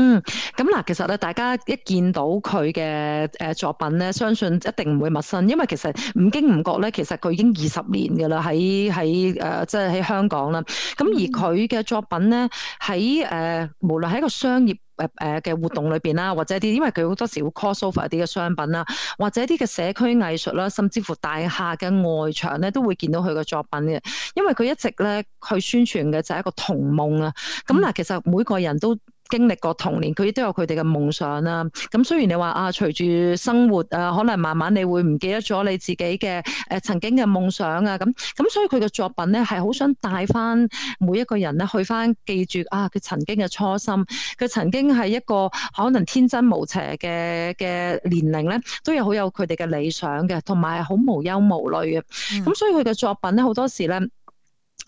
嗯，咁、嗯、嗱，其實咧，大家一見到佢嘅誒作品咧，相信一定唔會陌生，因為其實唔經唔覺咧，其實佢已經二十年㗎啦，喺喺誒即係喺香港啦。咁而佢嘅作品咧，喺誒、呃、無論喺一個商業誒誒嘅活動裏邊啦，或者啲因為佢好多時會 cosplay 啲嘅商品啦，或者啲嘅社區藝術啦，甚至乎大廈嘅外牆咧，都會見到佢嘅作品嘅。因為佢一直咧去宣傳嘅就係一個童夢啊。咁、嗯、嗱、嗯嗯，其實每個人都經歷過童年，佢亦都有佢哋嘅夢想啦。咁雖然你話啊，隨住生活啊，可能慢慢你會唔記得咗你自己嘅誒、呃、曾經嘅夢想啊。咁咁所以佢嘅作品咧，係好想帶翻每一個人咧去翻記住啊，佢曾經嘅初心。佢曾經係一個可能天真無邪嘅嘅年齡咧，都有好有佢哋嘅理想嘅，同埋好無憂無慮嘅。咁所以佢嘅作品咧，好多時咧。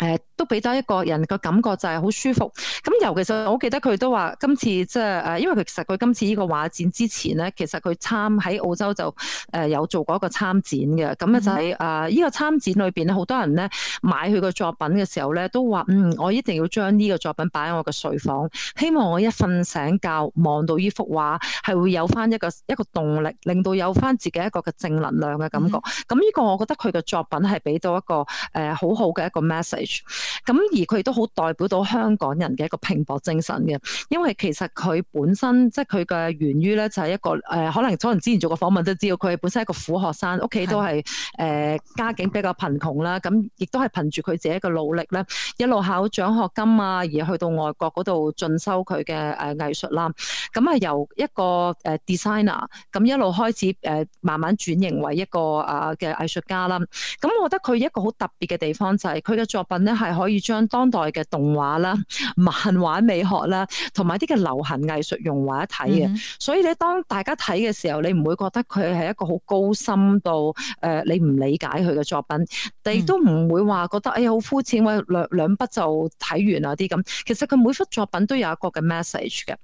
誒都俾到一個人個感覺就係好舒服。咁尤其係我記得佢都話今次即係誒，因為其實佢今次呢個畫展之前咧，其實佢參喺澳洲就誒有做過一個參展嘅。咁咧、嗯、就喺誒呢個參展裏邊咧，好多人咧買佢個作品嘅時候咧，都話嗯，我一定要將呢個作品擺喺我嘅睡房，希望我一瞓醒覺望到呢幅畫係會有翻一個一個動力，令到有翻自己一個嘅正能量嘅感覺。咁呢、嗯、個我覺得佢嘅作品係俾到一個誒、呃、好好嘅一個 message。咁而佢亦都好代表到香港人嘅一個拼搏精神嘅，因為其實佢本身即係佢嘅源於咧就係、是、一個誒，可能可能之前做過訪問都知道，佢本身係一個苦學生，屋企都係誒的、呃、家境比較貧窮啦，咁亦都係憑住佢自己嘅努力咧，一路考獎學金啊，而去到外國嗰度進修佢嘅誒藝術啦，咁啊由一個誒 designer，咁一路開始誒慢慢轉型為一個啊嘅藝術家啦，咁我覺得佢一個好特別嘅地方就係佢嘅作品。咧係可以將當代嘅動畫啦、漫畫美學啦，同埋啲嘅流行藝術融為一體嘅。Mm hmm. 所以咧，當大家睇嘅時候，你唔會覺得佢係一個好高深度誒、呃，你唔理解佢嘅作品，亦都唔會話覺得誒好膚淺，兩兩筆就睇完啊啲咁。其實佢每幅作品都有一個嘅 message 嘅。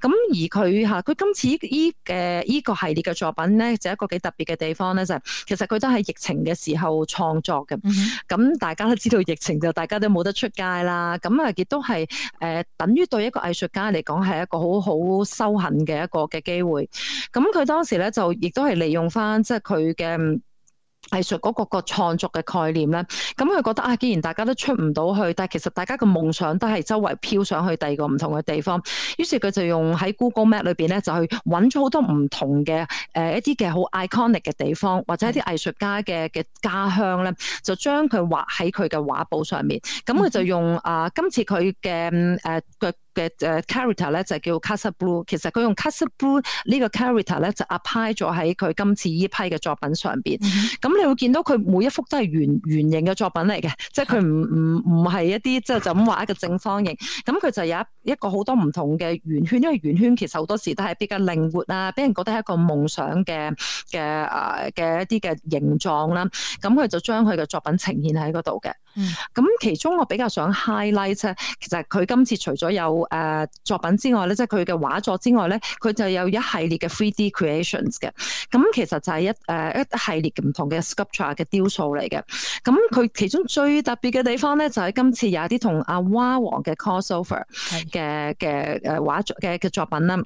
咁、mm hmm. 而佢吓，佢今次呢嘅呢個系列嘅作品咧，就係、一個幾特別嘅地方咧，就係、係、其實佢都係疫情嘅時候創作嘅。咁、mm hmm. 大家都知道疫情。就大家都冇得出街啦，咁啊亦都係誒、呃、等於對一個藝術家嚟講，係一個好好修行嘅一個嘅機會。咁佢當時咧就亦都係利用翻即係佢嘅。就是藝術嗰個個創作嘅概念咧，咁佢覺得啊，既然大家都出唔到去，但係其實大家嘅夢想都係周圍飄上去第二個唔同嘅地方，於是佢就用喺 Google Map 裏邊咧，就去揾咗好多唔同嘅誒、呃、一啲嘅好 iconic 嘅地方，或者一啲藝術家嘅嘅家鄉咧，就將佢畫喺佢嘅畫布上面。咁佢就用啊、呃，今次佢嘅誒嘅。呃嘅誒 character 咧就叫 Casa Blue，其實佢用 Casa Blue 呢個 character 咧就 apply 咗喺佢今次依批嘅作品上邊。咁、mm hmm. 嗯、你會見到佢每一幅都係圓圓形嘅作品嚟嘅，即係佢唔唔唔係一啲即係就咁、是、畫一個正方形。咁、嗯、佢就有一一個好多唔同嘅圓圈，因為圓圈其實好多時都係比較靈活啊，俾人覺得係一個夢想嘅嘅誒嘅一啲嘅形狀啦。咁、嗯、佢就將佢嘅作品呈現喺嗰度嘅。咁、嗯、其中我比較想 highlight 咧，其實佢今次除咗有誒作品之外咧，即係佢嘅畫作之外咧，佢就有一系列嘅 3D creations 嘅，咁其實就係一誒一系列唔同嘅 sculpture 嘅雕塑嚟嘅，咁佢其中最特別嘅地方咧，就係今次有一啲同阿蛙王嘅 crossover 嘅嘅誒畫嘅嘅作品啦。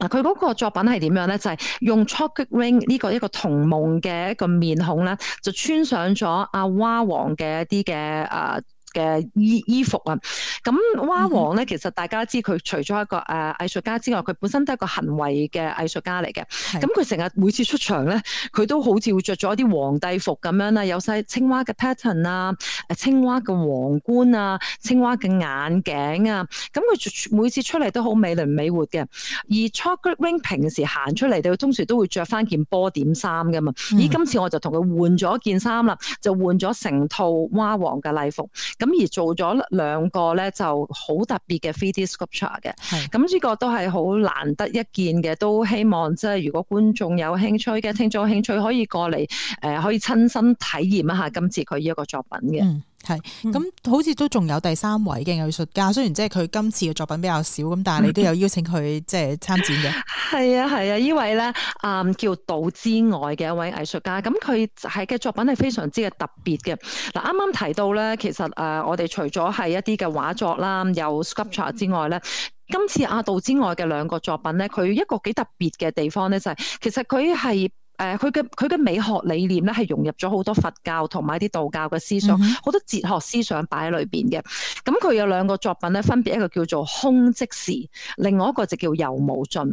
嗱，佢嗰個作品係點樣咧？就係、是、用 Chucky Ring 呢個一個童夢嘅一個面孔咧，就穿上咗阿、啊、蛙王嘅一啲嘅誒。呃嘅衣衣服啊，咁蛙王咧，其實大家知佢除咗一個誒、呃、藝術家之外，佢本身都係一個行為嘅藝術家嚟嘅。咁佢成日每次出場咧，佢都好似會着咗一啲皇帝服咁樣啦，有晒青蛙嘅 pattern 啊，誒青蛙嘅皇冠啊，青蛙嘅眼鏡啊，咁佢每次出嚟都好美輪美活嘅。而 Chocolate Ring 平時行出嚟，佢通常都會着翻件波點衫噶嘛。嗯、咦，今次我就同佢換咗件衫啦，就換咗成套蛙王嘅禮服。咁而做咗兩個咧，就好特別嘅 3D sculpture 嘅，咁呢是個都係好難得一見嘅，都希望即係如果觀眾有興趣嘅，聽咗興趣可以過嚟誒、呃，可以親身體驗一下今次佢呢一個作品嘅。嗯。係，咁好似都仲有第三位嘅藝術家，雖然即係佢今次嘅作品比較少，咁但係你都有邀請佢即係參展嘅。係啊，係啊，啊位呢位咧啊叫道之外嘅一位藝術家，咁佢係嘅作品係非常之嘅特別嘅。嗱啱啱提到咧，其實誒、呃、我哋除咗係一啲嘅畫作啦，有 sculpture 之外咧，今次阿、啊、道之外嘅兩個作品咧，佢一個幾特別嘅地方咧就係、是，其實佢係。誒佢嘅佢嘅美學理念咧係融入咗好多佛教同埋啲道教嘅思想，好、嗯、哼多哲學思想擺喺裏邊嘅。咁佢有兩個作品咧，分別一個叫做《空即時》，另外一個就叫《遊無盡》。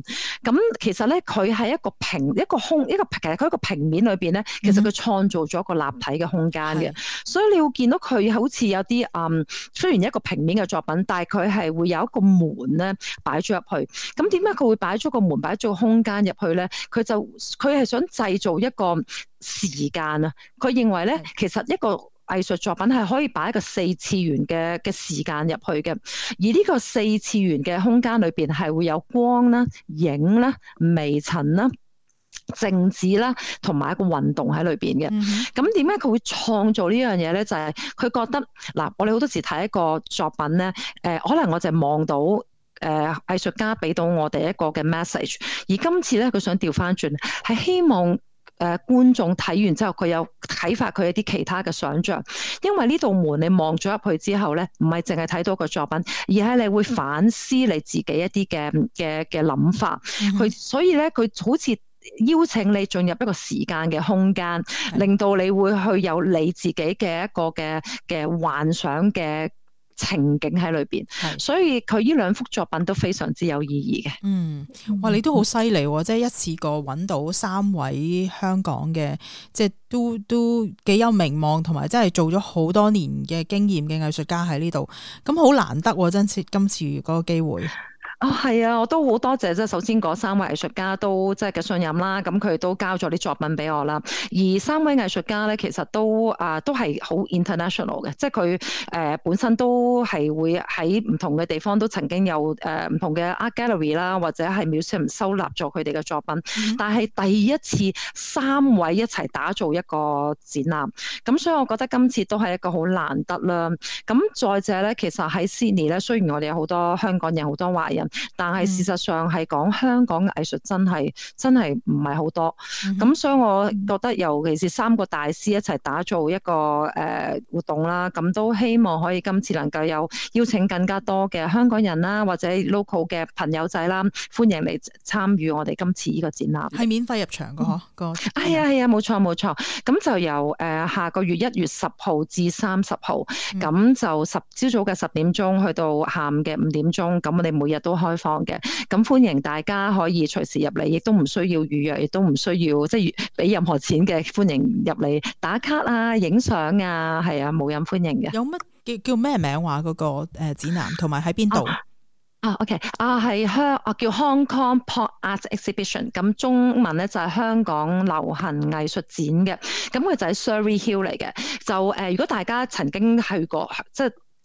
咁其實咧，佢係一個平一個空一個其實佢一個平面裏邊咧，其實佢創造咗一個立體嘅空間嘅。嗯、哼所以你會見到佢好似有啲嗯，雖然一個平面嘅作品，但係佢係會有一個門咧擺咗入去。咁點解佢會擺咗個門擺咗個空間入去咧？佢就佢係想。製造一個時間啊！佢認為咧，其實一個藝術作品係可以擺一個四次元嘅嘅時間入去嘅，而呢個四次元嘅空間裏邊係會有光啦、影啦、微塵啦、靜止啦，同埋一個運動喺裏邊嘅。咁點解佢會創造呢樣嘢咧？就係、是、佢覺得嗱，我哋好多時睇一個作品咧，誒、呃，可能我就望到。誒，呃、藝術家俾到我哋一個嘅 message，而今次咧，佢想調返轉，係希望誒、呃、觀眾睇完之後，佢有啟發佢一啲其他嘅想象。因為呢道門你望咗入去之後咧，唔係淨係睇到個作品，而係你會反思你自己一啲嘅嘅嘅諗法。佢所以咧，佢好似邀請你進入一個時間嘅空間，令到你會去有你自己嘅一個嘅嘅幻想嘅。情景喺裏邊，是所以佢呢兩幅作品都非常之有意義嘅。嗯，哇，你都好犀利，即係一次過揾到三位香港嘅，即係都都幾有名望，同埋真係做咗好多年嘅經驗嘅藝術家喺呢度，咁好難得喎、啊！真係今次嗰個機會。 啊，係、哦、啊，我都好多謝啫。首先，嗰三位藝術家都即係嘅信任啦。咁佢都交咗啲作品俾我啦。而三位藝術家咧，其實都啊，都係好 international 嘅，即係佢誒本身都係會喺唔同嘅地方都曾經有誒唔、呃、同嘅 art gallery 啦，或者係 museum 收納咗佢哋嘅作品。嗯、但係第一次三位一齊打造一個展覽，咁所以我覺得今次都係一個好難得啦。咁再者咧，其實喺 Sydney 咧，雖然我哋有好多香港人、好多華人。但係事實上係講香港藝術真係真係唔係好多，咁、mm hmm. 所以我覺得尤其是三個大師一齊打造一個誒、呃、活動啦，咁都希望可以今次能夠有邀請更加多嘅香港人啦，或者 local 嘅朋友仔啦，歡迎嚟參與我哋今次呢個展覽，係免費入場嘅嗬，嗯、個係啊，係啊，冇錯冇錯，咁就由誒、呃、下個月一月十號至三十號，咁、嗯、就十朝早嘅十點鐘去到下午嘅五點鐘，咁我哋每日都。開放嘅，咁歡迎大家可以隨時入嚟，亦都唔需要預約，亦都唔需要即係俾任何錢嘅，歡迎入嚟打卡啊、影相啊，係啊，冇人歡迎嘅。有乜叫叫咩名話嗰、啊那個誒展覽，同埋喺邊度啊？OK，啊係香啊，叫 Hong Kong Pop Art Exhibition，咁、嗯、中文咧就係、是、香港流行藝術展嘅，咁佢就喺 Surry Hill 嚟嘅。就誒、呃，如果大家曾經去過，即係。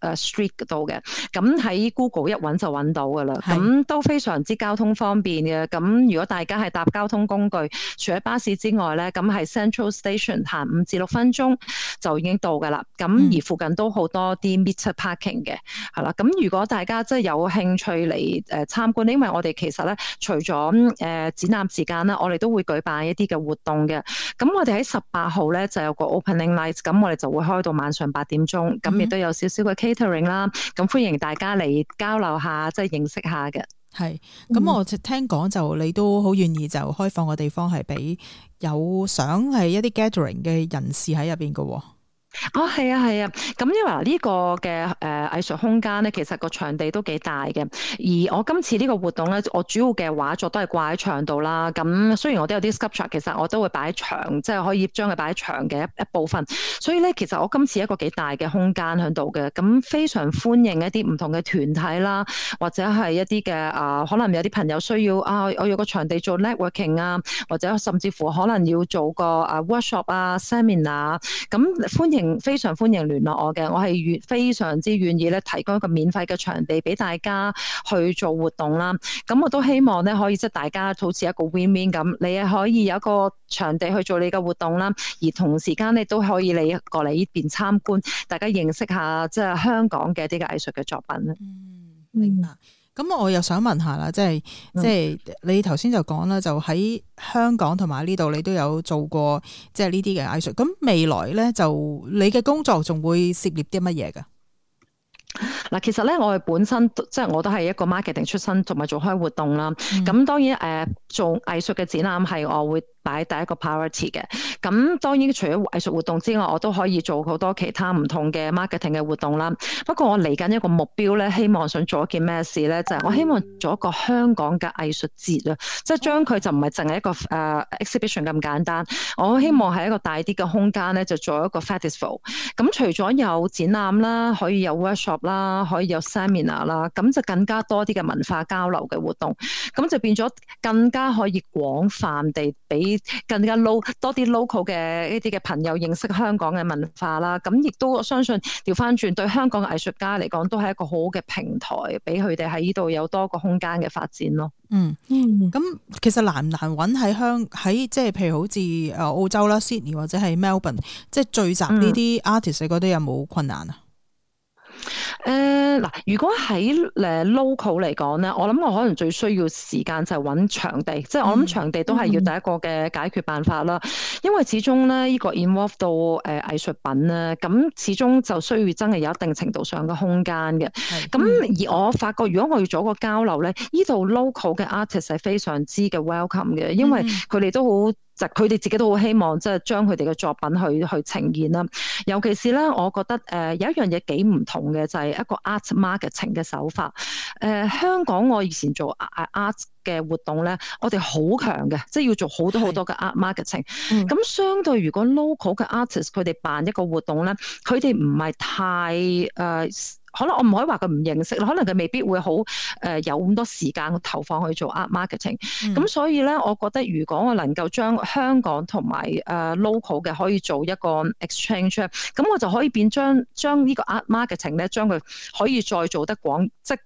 誒 street 度嘅，咁喺 Google 一揾就揾到噶啦，咁的都非常之交通方便嘅。咁如果大家係搭交通工具，除咗巴士之外咧，咁係 Central Station 行五至六分鐘就已經到噶啦。咁而附近都好多啲 meter parking 嘅，係啦、嗯。咁如果大家即係有興趣嚟誒參觀，因為我哋其實咧，除咗誒展覽時間啦，我哋都會舉辦一啲嘅活動嘅。咁我哋喺十八號咧就有個 Opening Night，咁我哋就會開到晚上八點鐘，咁亦都有少少嘅。嗯啦，咁歡迎大家嚟交流下，即係認識下嘅。係，咁我聽講就、嗯、你都好願意就開放個地方，係俾有想係一啲 gathering 嘅人士喺入邊嘅。哦，係啊，係啊，咁因為呢個嘅誒藝術空間咧，其實個場地都幾大嘅，而我今次呢個活動咧，我主要嘅畫作都係掛喺牆度啦。咁、嗯、雖然我都有啲 sculpture，其實我都會擺喺牆，即係可以將佢擺喺牆嘅一一部分。所以咧，其實我今次一個幾大嘅空間響度嘅，咁、嗯、非常歡迎一啲唔同嘅團體啦，或者係一啲嘅誒，可能有啲朋友需要啊，我有個場地做 networking 啊，或者甚至乎可能要做個誒、啊、workshop 啊，seminar，咁、嗯、歡迎。非常歡迎聯絡我嘅，我係願非常之願意咧，提供一個免費嘅場地俾大家去做活動啦。咁我都希望咧，可以即係大家好似一個 win win 咁，你係可以有一個場地去做你嘅活動啦，而同時間咧都可以你過嚟呢邊參觀，大家認識下即係香港嘅啲嘅藝術嘅作品咧。嗯，明白。咁我又想問下啦，即係即係你頭先就講啦，就喺香港同埋呢度，你都有做過即係呢啲嘅藝術。咁未來咧，就你嘅工作仲會涉獵啲乜嘢㗎？嗱，其實咧，我係本身即係我都係一個 marketing 出身，同埋做開活動啦。咁、嗯、當然誒、呃，做藝術嘅展覽係我會。擺第一個 priority 嘅，咁當然除咗藝術活動之外，我都可以做好多其他唔同嘅 marketing 嘅活動啦。不過我嚟緊一個目標咧，希望想做一件咩事咧？就係、是、我希望做一個香港嘅藝術節啦，即係將佢就唔係淨係一個誒、uh, exhibition 咁簡單。我希望喺一個大啲嘅空間咧，就做一個 festival。咁除咗有展覽啦，可以有 workshop 啦，可以有 seminar 啦，咁就更加多啲嘅文化交流嘅活動，咁就變咗更加可以廣泛地俾。更加 lo 多 local 多啲 local 嘅一啲嘅朋友認識香港嘅文化啦，咁亦都我相信調翻轉，對香港嘅藝術家嚟講，都係一個好嘅平台，俾佢哋喺呢度有多個空間嘅發展咯、嗯。嗯嗯，咁其實難唔難揾喺香喺即係譬如好似誒澳洲啦 Sydney 或者係 Melbourne，即係聚集呢啲 artist，你覺得有冇困難啊？嗯嗯誒，嗱，uh, 如果喺誒、uh, local 嚟講咧，我諗我可能最需要時間就係揾場地，嗯、即係我諗場地都係要第一個嘅解決辦法啦。嗯、因為始終咧，依、呢個 involve 到誒、uh, 藝術品咧，咁始終就需要真係有一定程度上嘅空間嘅。咁是而我發覺，如果我要做一個交流咧，依度、嗯、local 嘅 artist 係非常之嘅 welcome 嘅，嗯、因為佢哋都好。就佢哋自己都好希望，即係將佢哋嘅作品去去呈現啦。尤其是咧，我覺得誒有一樣嘢幾唔同嘅，就係、是、一個 art marketing 嘅手法。誒、呃、香港，我以前做 art 嘅活動咧，我哋好強嘅，即係要做好多好多嘅 art marketing。咁、嗯、相對，如果 local 嘅 artist 佢哋辦一個活動咧，佢哋唔係太誒。Uh, 可能我唔可以話佢唔認識咯，可能佢未必會好誒、呃、有咁多時間投放去做 art marketing。咁、嗯、所以咧，我覺得如果我能夠將香港同埋誒 local 嘅可以做一個 exchange，咁我就可以變將將呢個 art marketing 咧，將佢可以再做得廣即係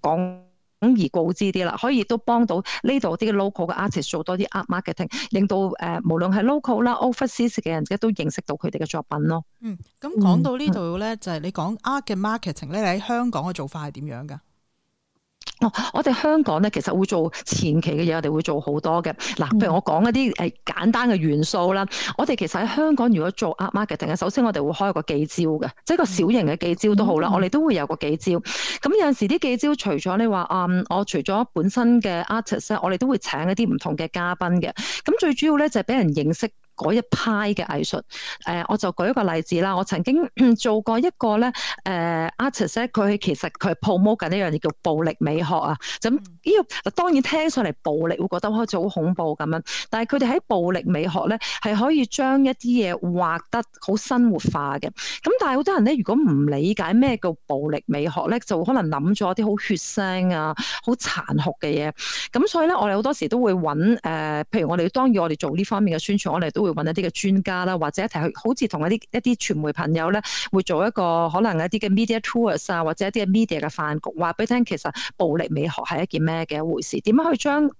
廣。咁而告知啲啦，可以都幫到呢度啲 local 嘅 artist 做多啲 art marketing，令到誒、呃，無論係 local 啦 overseas 嘅人都認識到佢哋嘅作品咯。嗯，咁講到呢度咧，嗯、就係你講 art 嘅 marketing 咧，你喺香港嘅做法係點樣噶？哦，我哋香港咧，其實會做前期嘅嘢，我哋會做好多嘅。嗱，譬如我講一啲誒簡單嘅元素啦。Mm. 我哋其實喺香港，如果做 App marketing 啊，首先我哋會開個記招嘅，即係個小型嘅記招都好啦。我哋都會有個記招。咁有陣時啲記招，除咗你話啊，我除咗本身嘅 artist 我哋都會請一啲唔同嘅嘉賓嘅。咁最主要咧就係俾人認識。嗰一派嘅藝術，誒、呃，我就舉一個例子啦。我曾經 做過一個咧，誒，artist 佢其實佢 promote 緊一樣嘢叫暴力美學啊。咁呢、這個嗱當然聽上嚟暴力會覺得好似好恐怖咁樣，但係佢哋喺暴力美學咧係可以將一啲嘢畫得好生活化嘅。咁但係好多人咧，如果唔理解咩叫暴力美學咧，就可能諗咗啲好血腥啊、好殘酷嘅嘢。咁所以咧，我哋好多時都會揾誒、呃，譬如我哋當然我哋做呢方面嘅宣傳，我哋都會。揾一啲嘅專家啦，或者一齊去，好似同一啲一啲傳媒朋友咧，會做一個可能一啲嘅 media tours 啊，或者一啲嘅 media 嘅飯局，話俾你聽其實暴力美學係一件咩嘅一回事，點樣去將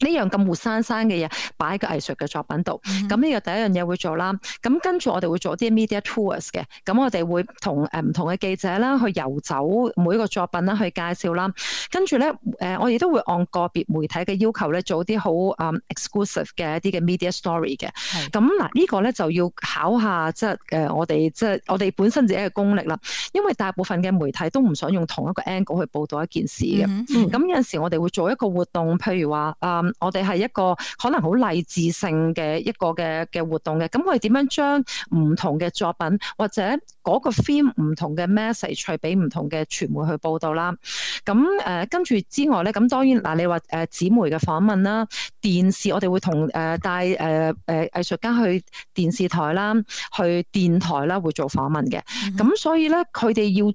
呢樣咁活生生嘅嘢擺喺個藝術嘅作品度，咁呢個第一樣嘢會做啦。咁跟住我哋會做啲 media tours 嘅，咁我哋會同誒唔同嘅記者啦去遊走每一個作品啦去介紹啦。跟住咧誒，我亦都會按個別媒體嘅要求咧做啲好誒 exclusive 嘅一啲嘅 media story 嘅。咁嗱、mm hmm。呢個咧就要考下即係誒、呃、我哋即係我哋本身自己嘅功力啦。因為大部分嘅媒體都唔想用同一個 angle 去報導一件事嘅。咁、mm hmm。嗯、有陣時我哋會做一個活動，譬如話啊。呃呃我哋係一個可能好勵志性嘅一個嘅嘅活動嘅，咁我哋點樣將唔同嘅作品或者嗰個 film 唔同嘅 message，去俾唔同嘅傳媒去報道啦。咁誒跟住之外咧，咁當然嗱、呃，你話誒紙媒嘅訪問啦，電視我哋會同誒帶誒誒藝術家去電視台啦，去電台啦，會做訪問嘅。咁、嗯、所以咧，佢哋要。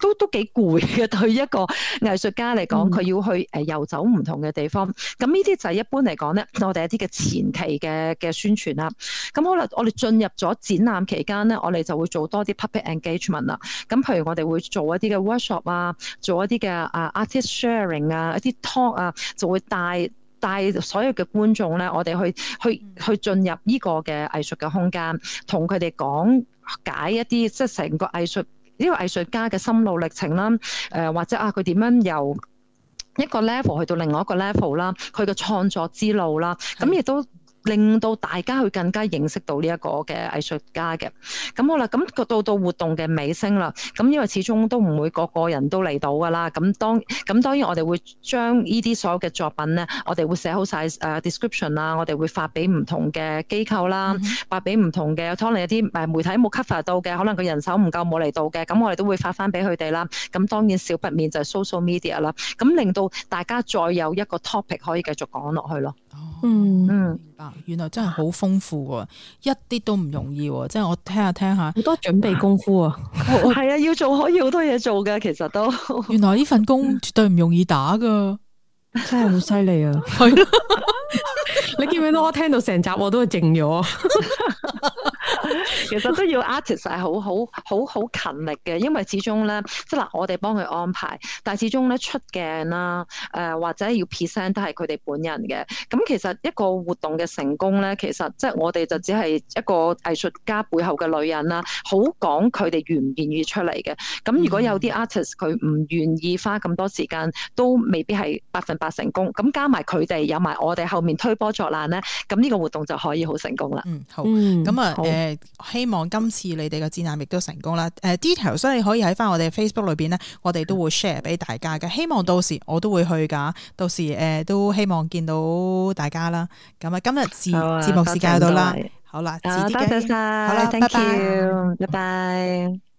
都都幾攰嘅，對一個藝術家嚟講，佢要去誒、呃、遊走唔同嘅地方。咁呢啲就係一般嚟講咧，我哋一啲嘅前期嘅嘅宣傳啦。咁好啦，我哋進入咗展覽期間咧，我哋就會做多啲 public engagement 啦。咁譬如我哋會做一啲嘅 workshop 啊，做一啲嘅啊 artist sharing 啊，一啲 talk 啊，就會帶帶所有嘅觀眾咧，我哋去去去進入呢個嘅藝術嘅空間，同佢哋講解一啲即係成個藝術。呢個藝術家嘅心路歷程啦，誒、呃，或者啊佢點樣由一個 level 去到另外一個 level 啦，佢嘅創作之路啦，咁的亦都。令到大家去更加認識到呢一個嘅藝術家嘅，咁好啦。咁到到活動嘅尾聲啦，咁因為始終都唔會個個人都嚟到噶啦。咁當咁當然我哋會將呢啲所有嘅作品咧，我哋會寫好晒誒 description 啦，我哋會發俾唔同嘅機構啦，嗯、哼發俾唔同嘅，可能有啲媒體冇 cover 到嘅，可能個人手唔夠冇嚟到嘅，咁我哋都會發翻俾佢哋啦。咁當然少不免就係 social media 啦，咁令到大家再有一個 topic 可以繼續講落去咯。嗯、哦、嗯，嗱，原來真係好豐富，啊，一啲都唔容易，啊，即係我聽下聽下，好多準備功夫啊，係、 哦、啊，要做可以好多嘢做噶，其實都 原來呢份工絕對唔容易打噶， 真係好犀利啊！係， 你見唔見到我聽到成集我都係靜咗。 其實都要 artist 係好好好好勤力嘅，因為始終咧，即係嗱，我哋幫佢安排，但係始終咧出鏡啦，誒、呃、或者要 present 都係佢哋本人嘅。咁其實一個活動嘅成功咧，其實即係我哋就只係一個藝術家背後嘅女人啦，好講佢哋願唔願意出嚟嘅。咁如果有啲 artist 佢唔願意花咁多時間，都未必係百分百成功。咁加埋佢哋有埋我哋後面推波助瀾咧，咁、這、呢個活動就可以好成功啦。嗯，好。咁啊誒。好呃希望今次你哋嘅戰艦亦都成功啦！誒、呃、details 所以你可以喺翻我哋 Facebook 裏邊咧，我哋都會 share 俾大家嘅。希望到時我都會去噶，到時誒、呃、都希望見到大家啦。咁啊，今日節節目時間到啦，好啦，拜拜，好啦，拜拜 Thank you. bye，拜拜。